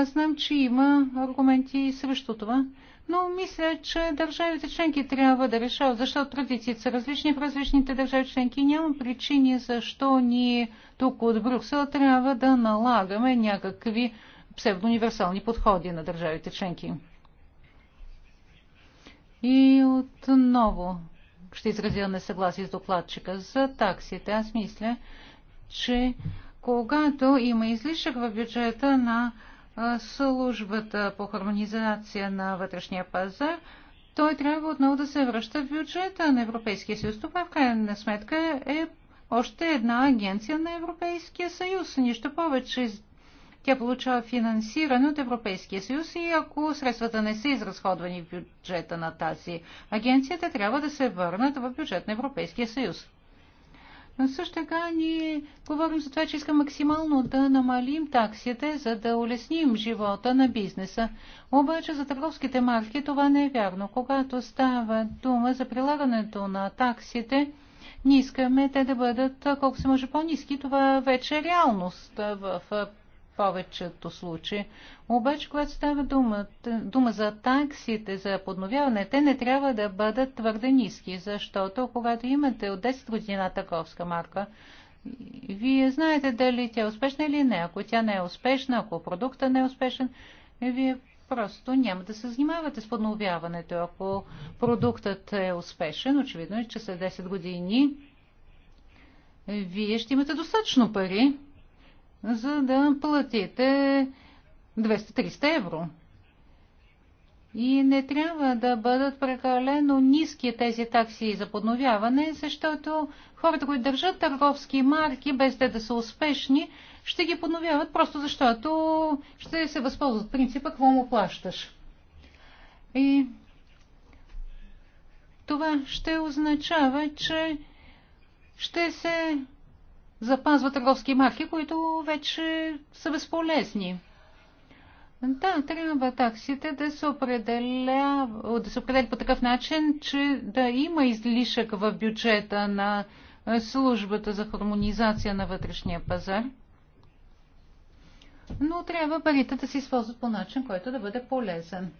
Знам, че има аргументи срещу това, но мисля, че държавите членки трябва да решават, защото традициите са различни в различните държави членки няма причини защо ние тук от Брюксел трябва да налагаме някакви псевдоуниверсални подходи на държавите членки. И отново ще изразя несъгласие с докладчика за таксите. Аз мисля, че когато има излишък в бюджета на службата по хармонизация на вътрешния пазар, той трябва отново да се връща в бюджета на Европейския съюз. Това в крайна сметка е още една агенция на Европейския съюз. Нищо повече. Тя получава финансиране от Европейския съюз и ако средствата не са изразходвани в бюджета на тази агенция, те трябва да се върнат в бюджет на Европейския съюз. Също така ние говорим за това, че искам максимално да намалим таксите, за да улесним живота на бизнеса. Обаче за търговските марки това не е вярно. Когато става дума за прилагането на таксите, ние искаме те да бъдат колко се може по-низки. Това вече е реалност в повечето случаи. Обаче, когато става дума, дума за таксите за подновяване, те не трябва да бъдат твърде ниски, защото когато имате от 10 на търговска марка, вие знаете дали тя е успешна или не. Ако тя не е успешна, ако продукта не е успешен, вие просто няма да се занимавате с подновяването. Ако продуктът е успешен, очевидно е, че след 10 години вие ще имате достатъчно пари, за да платите 200-300 евро. И не трябва да бъдат прекалено ниски тези такси за подновяване, защото хората, които държат търговски марки, без те да са успешни, ще ги подновяват просто защото ще се възползват принципа какво му плащаш. И това ще означава, че ще се запазва търговски марки, които вече са безполезни. Да, трябва таксите да се определя, да се определя по такъв начин, че да има излишък в бюджета на службата за хармонизация на вътрешния пазар. Но трябва парите да се използват по начин, който да бъде полезен.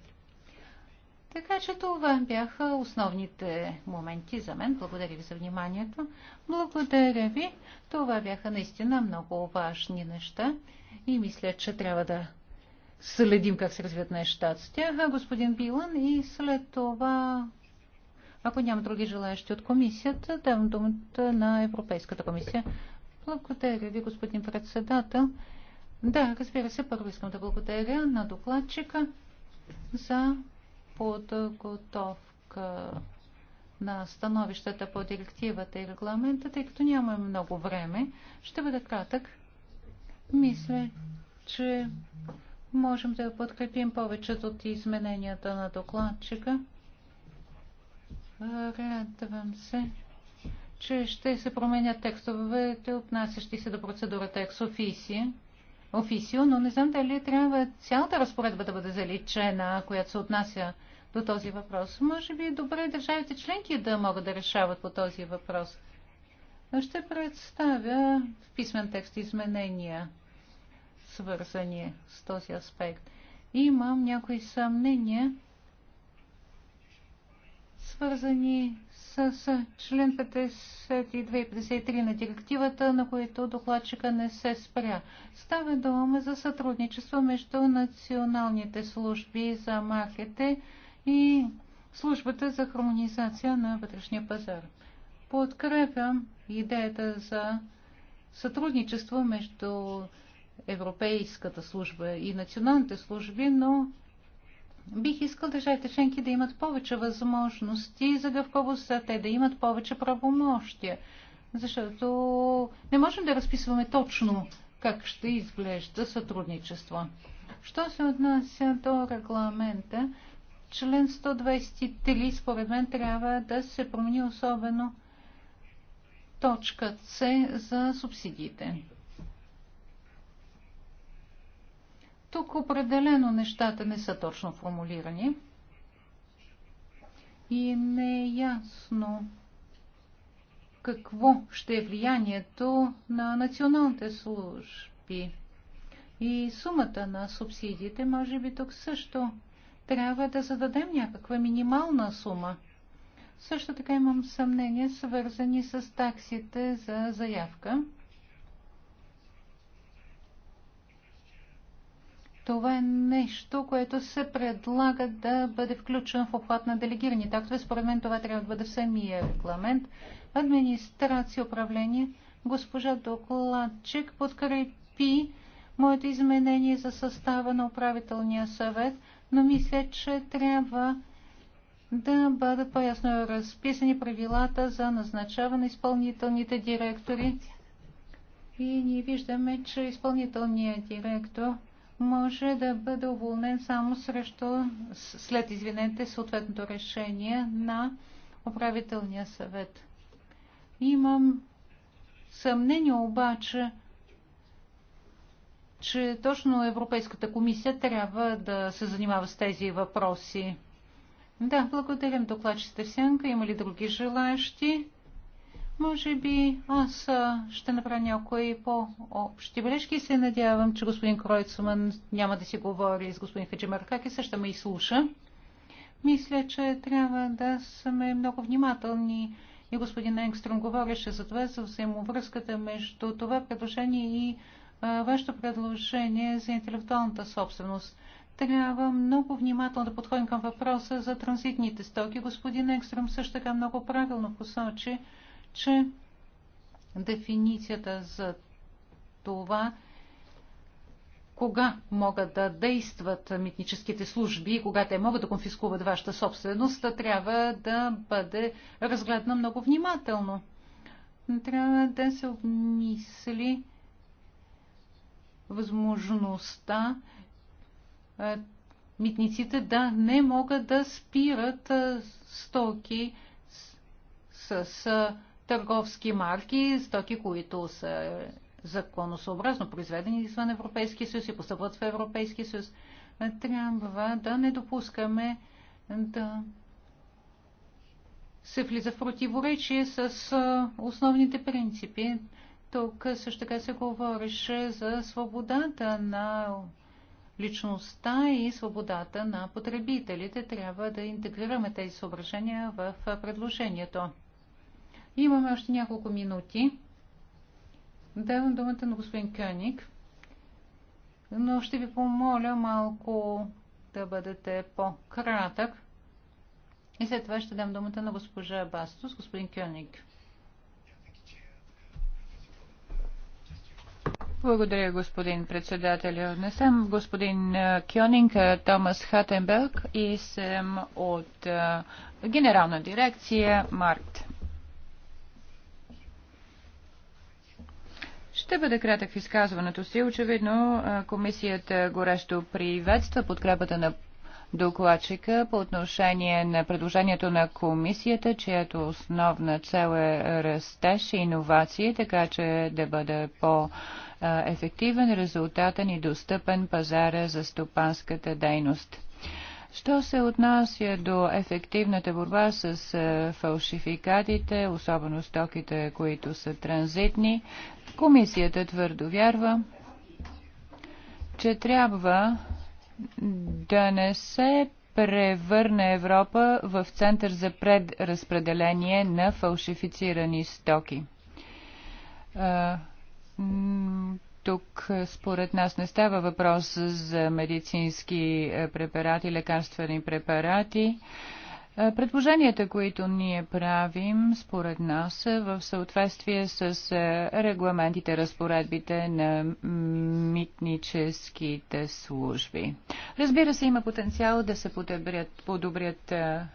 Така че това бяха основните моменти за мен. Благодаря ви за вниманието. Благодаря ви. Това бяха наистина много важни неща и мисля, че трябва да следим как се развиват нещата с тях. Господин Билан и след това, ако няма други желаящи от комисията, давам думата на Европейската комисия. Благодаря ви, господин председател. Да, разбира се, първо искам да благодаря на докладчика за подготовка на становищата по директивата и регламента, тъй като нямаме много време, ще бъда кратък. Мисля, че можем да подкрепим повечето от измененията на докладчика. Радвам се, че ще се променят текстовете, отнасящи се до процедурата екс офисия. Офисио, но не знам дали трябва цялата разпоредба да бъде заличена, която се отнася до този въпрос. Може би е добре държавите членки да могат да решават по този въпрос. Ще представя в писмен текст изменения, свързани с този аспект. Имам някои съмнения, свързани с, с член 52 и 53 на директивата, на които докладчика не се спря. Става дума за сътрудничество между националните служби за махете, и службата за хармонизация на вътрешния пазар. Подкрепям идеята за сътрудничество между Европейската служба и националните служби, но бих искал държавите членки да имат повече възможности за гъвковост, а те да имат повече правомощия. Защото не можем да разписваме точно как ще изглежда сътрудничество. Що се отнася до регламента, Член 123 според мен трябва да се промени особено точка С за субсидиите. Тук определено нещата не са точно формулирани и не е ясно какво ще е влиянието на националните служби. И сумата на субсидиите може би тук също трябва да зададем някаква минимална сума. Също така имам съмнения, свързани с таксите за заявка. Това е нещо, което се предлага да бъде включено в обхват на делегирани тактове. Според мен това трябва да бъде в самия регламент. Администрация, управление. Госпожа докладчик подкрепи моето изменение за състава на управителния съвет – но мисля, че трябва да бъдат по-ясно разписани правилата за назначаване на изпълнителните директори. И ние виждаме, че изпълнителният директор може да бъде уволнен само срещу, след извинете, съответното решение на управителния съвет. Имам съмнение обаче, че точно Европейската комисия трябва да се занимава с тези въпроси. Да, благодарям докладчите сянка. Има ли други желаящи? Може би аз ще направя някои по-общи бележки се надявам, че господин Кройцман няма да си говори с господин Хачимаркак и също ме изслуша. Мисля, че трябва да сме много внимателни и господин Енгстром говореше за това, за взаимовръзката между това предложение и вашето предложение за интелектуалната собственост. Трябва много внимателно да подходим към въпроса за транзитните стоки. Господин Екстрем също така много правилно посочи, че дефиницията за това, кога могат да действат митническите служби и кога те могат да конфискуват вашата собственост, трябва да бъде разгледана много внимателно. Трябва да се обмисли възможността митниците да не могат да спират стоки с, с търговски марки, стоки, които са законосъобразно произведени извън Европейския съюз и постъпват в Европейския съюз. Трябва да не допускаме да се влиза в противоречие с основните принципи тук също така се говореше за свободата на личността и свободата на потребителите. Трябва да интегрираме тези съображения в предложението. Имаме още няколко минути. Давам думата на господин Кьоник, но ще ви помоля малко да бъдете по-кратък. И след това ще дам думата на госпожа Бастус, господин Кьоник. Благодаря, господин председател. Не съм господин Кьонинг, Томас Хатенберг и съм от Генерална дирекция Март. Ще бъде кратък в изказването си. Очевидно, комисията горещо приветства подкрепата на докладчика по отношение на предложението на комисията, чието основна цел е растеж и иновации, така че да бъде по- ефективен, резултатен и достъпен пазара за стопанската дейност. Що се отнася до ефективната борба с фалшификатите, особено стоките, които са транзитни, комисията твърдо вярва, че трябва да не се превърне Европа в център за предразпределение на фалшифицирани стоки. Тук е, според нас не става въпрос за медицински е, препарати, лекарствени препарати. Е, предложенията, които ние правим, според нас, в съответствие с регламентите, разпоредбите на митническите служби. Разбира се, има потенциал да се подобрят, подобрят а,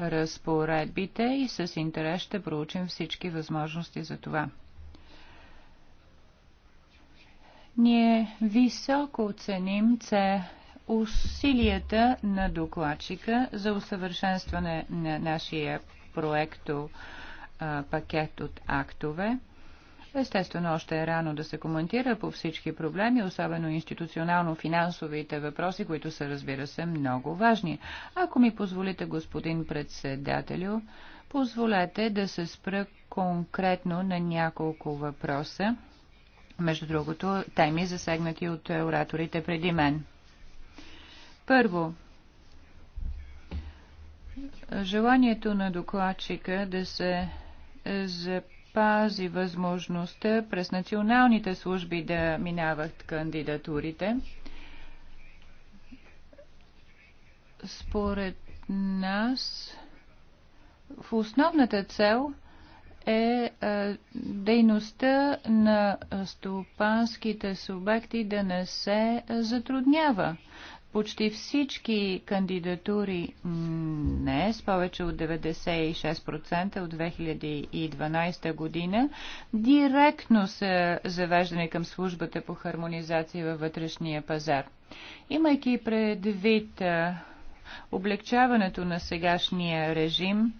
разпоредбите и с интерес ще проучим всички възможности за това. Ние високо оценим це усилията на докладчика за усъвършенстване на нашия проекто пакет от актове. Естествено, още е рано да се коментира по всички проблеми, особено институционално-финансовите въпроси, които са, разбира се, много важни. Ако ми позволите, господин председателю, позволете да се спра конкретно на няколко въпроса, между другото, теми засегнати от ораторите преди мен. Първо, желанието на докладчика да се запази възможността през националните служби да минават кандидатурите. Според нас, в основната цел – е, е дейността на стопанските субекти да не се затруднява. Почти всички кандидатури не, с повече от 96% от 2012 година, директно са завеждани към службата по хармонизация във вътрешния пазар. Имайки предвид е, облегчаването на сегашния режим,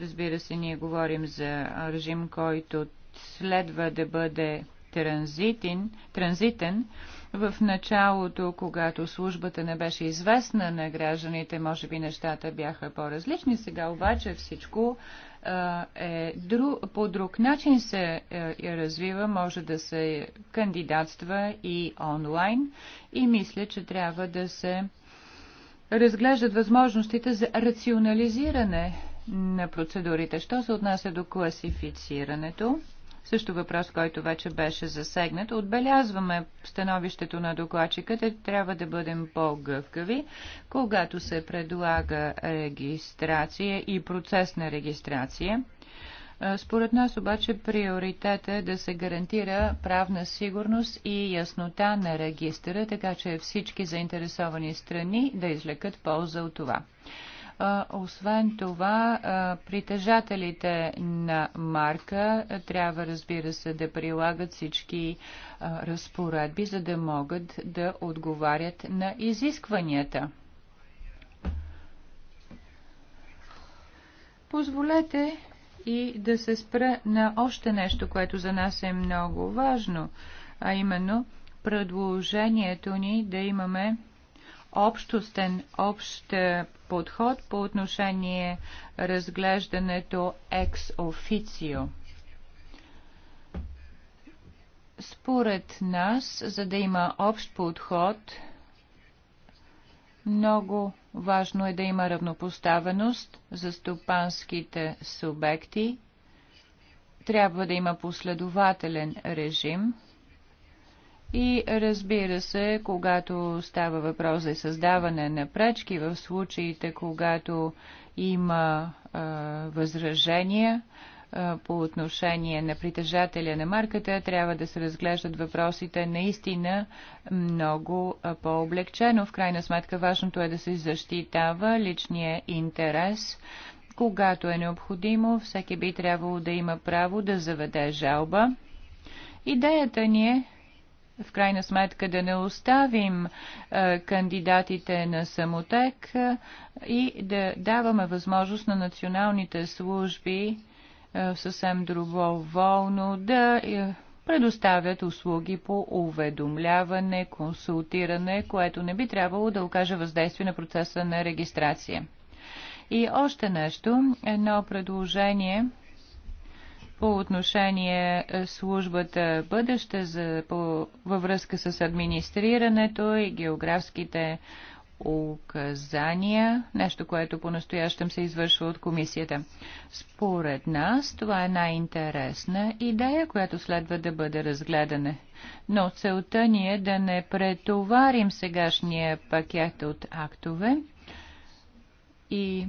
Разбира се, ние говорим за режим, който следва да бъде транзитен, транзитен. В началото, когато службата не беше известна на гражданите, може би нещата бяха по-различни. Сега обаче всичко е дру, по друг начин се а, е, развива, може да се кандидатства и онлайн и мисля, че трябва да се разглеждат възможностите за рационализиране на процедурите. Що се отнася до класифицирането? Също въпрос, който вече беше засегнат. Отбелязваме становището на докладчиката. Е, трябва да бъдем по-гъвкави, когато се предлага регистрация и процес на регистрация. Според нас обаче приоритет е да се гарантира правна сигурност и яснота на регистъра, така че всички заинтересовани страни да излекат полза от това. Освен това, притежателите на марка трябва, разбира се, да прилагат всички разпоредби, за да могат да отговарят на изискванията. Позволете и да се спра на още нещо, което за нас е много важно, а именно предложението ни да имаме общостен, общ е, подход по отношение разглеждането екс-официо. Според нас, за да има общ подход, много важно е да има равнопоставеност за стопанските субекти. Трябва да има последователен режим – и разбира се, когато става въпрос за създаване на пречки в случаите, когато има а, възражения а, по отношение на притежателя на марката, трябва да се разглеждат въпросите наистина много по-облегчено. В крайна сметка важното е да се защитава личния интерес когато е необходимо, всеки би трябвало да има право да заведе жалба. Идеята ни е в крайна сметка да не оставим а, е, кандидатите на самотек а, е, и да даваме възможност на националните служби а, е, съвсем волно да предоставят услуги по уведомляване, консултиране, което не би трябвало да окаже въздействие на процеса на регистрация. И още нещо, едно предложение – по отношение е, службата бъдеще за, по, във връзка с администрирането и географските указания, нещо, което по-настоящем се извършва от комисията. Според нас това е най-интересна идея, която следва да бъде разгледана. Но целта ни е да не претоварим сегашния пакет от актове и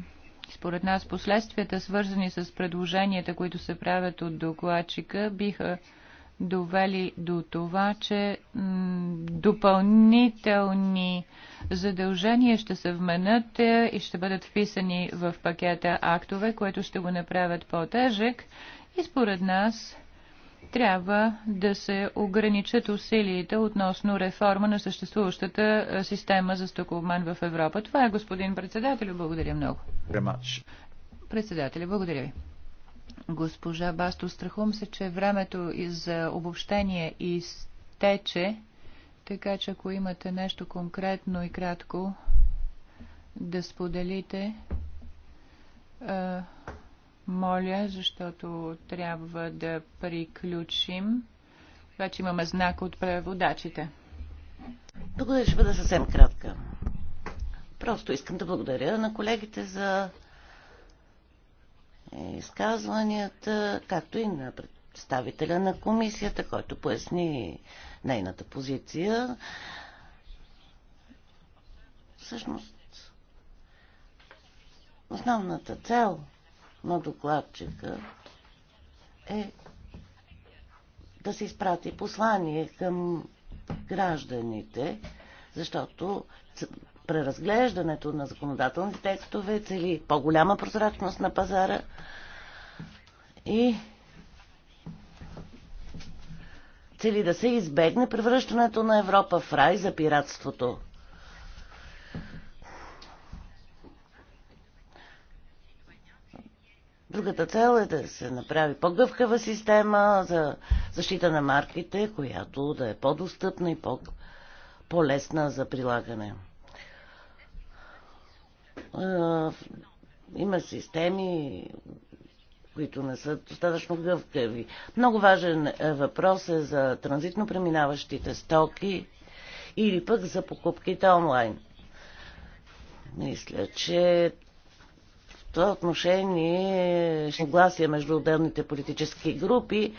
според нас последствията, свързани с предложенията, които се правят от докладчика, биха довели до това, че допълнителни задължения ще се вменят е, и ще бъдат вписани в пакета актове, което ще го направят по-тежък и според нас трябва да се ограничат усилията относно реформа на съществуващата система за стокообмен в Европа. Това е господин председател. Благодаря много. Председателя, благодаря ви. Госпожа Басто, страхувам се, че времето за обобщение изтече, така че ако имате нещо конкретно и кратко да споделите, моля, защото трябва да приключим. Вече имаме знак от преводачите. Благодаря, ще бъда съвсем кратка. Просто искам да благодаря на колегите за е, изказванията, както и на представителя на комисията, който поясни нейната позиция. Всъщност, основната цел – на докладчика е да се изпрати послание към гражданите, защото преразглеждането на законодателните текстове цели по-голяма прозрачност на пазара и цели да се избегне превръщането на Европа в рай за пиратството. Другата цел е да се направи по-гъвкава система за защита на марките, която да е по-достъпна и по-лесна -по за прилагане. Има системи, които не са достатъчно гъвкави. Много важен е въпрос е за транзитно преминаващите стоки или пък за покупките онлайн. Мисля, че това отношение е съгласие между отделните политически групи,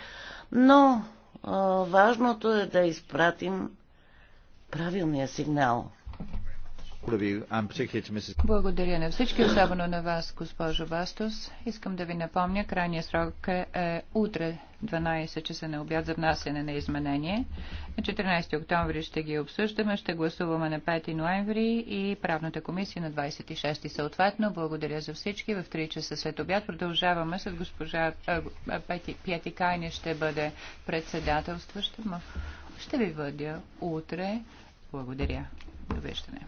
но а, важното е да изпратим правилния сигнал. Um, благодаря на всички, особено на вас, госпожо Бастос. Искам да ви напомня, крайният срок е, е утре 12 часа на обяд за внасяне на изменение. На 14 октомври ще ги обсъждаме, ще гласуваме на 5 ноември и правната комисия на 26 съответно. Благодаря за всички. В 3 часа след обяд продължаваме с госпожа е, е, Пети Кайни ще бъде председателстваща. Ще ви бъдя утре. Благодаря. Довеждане.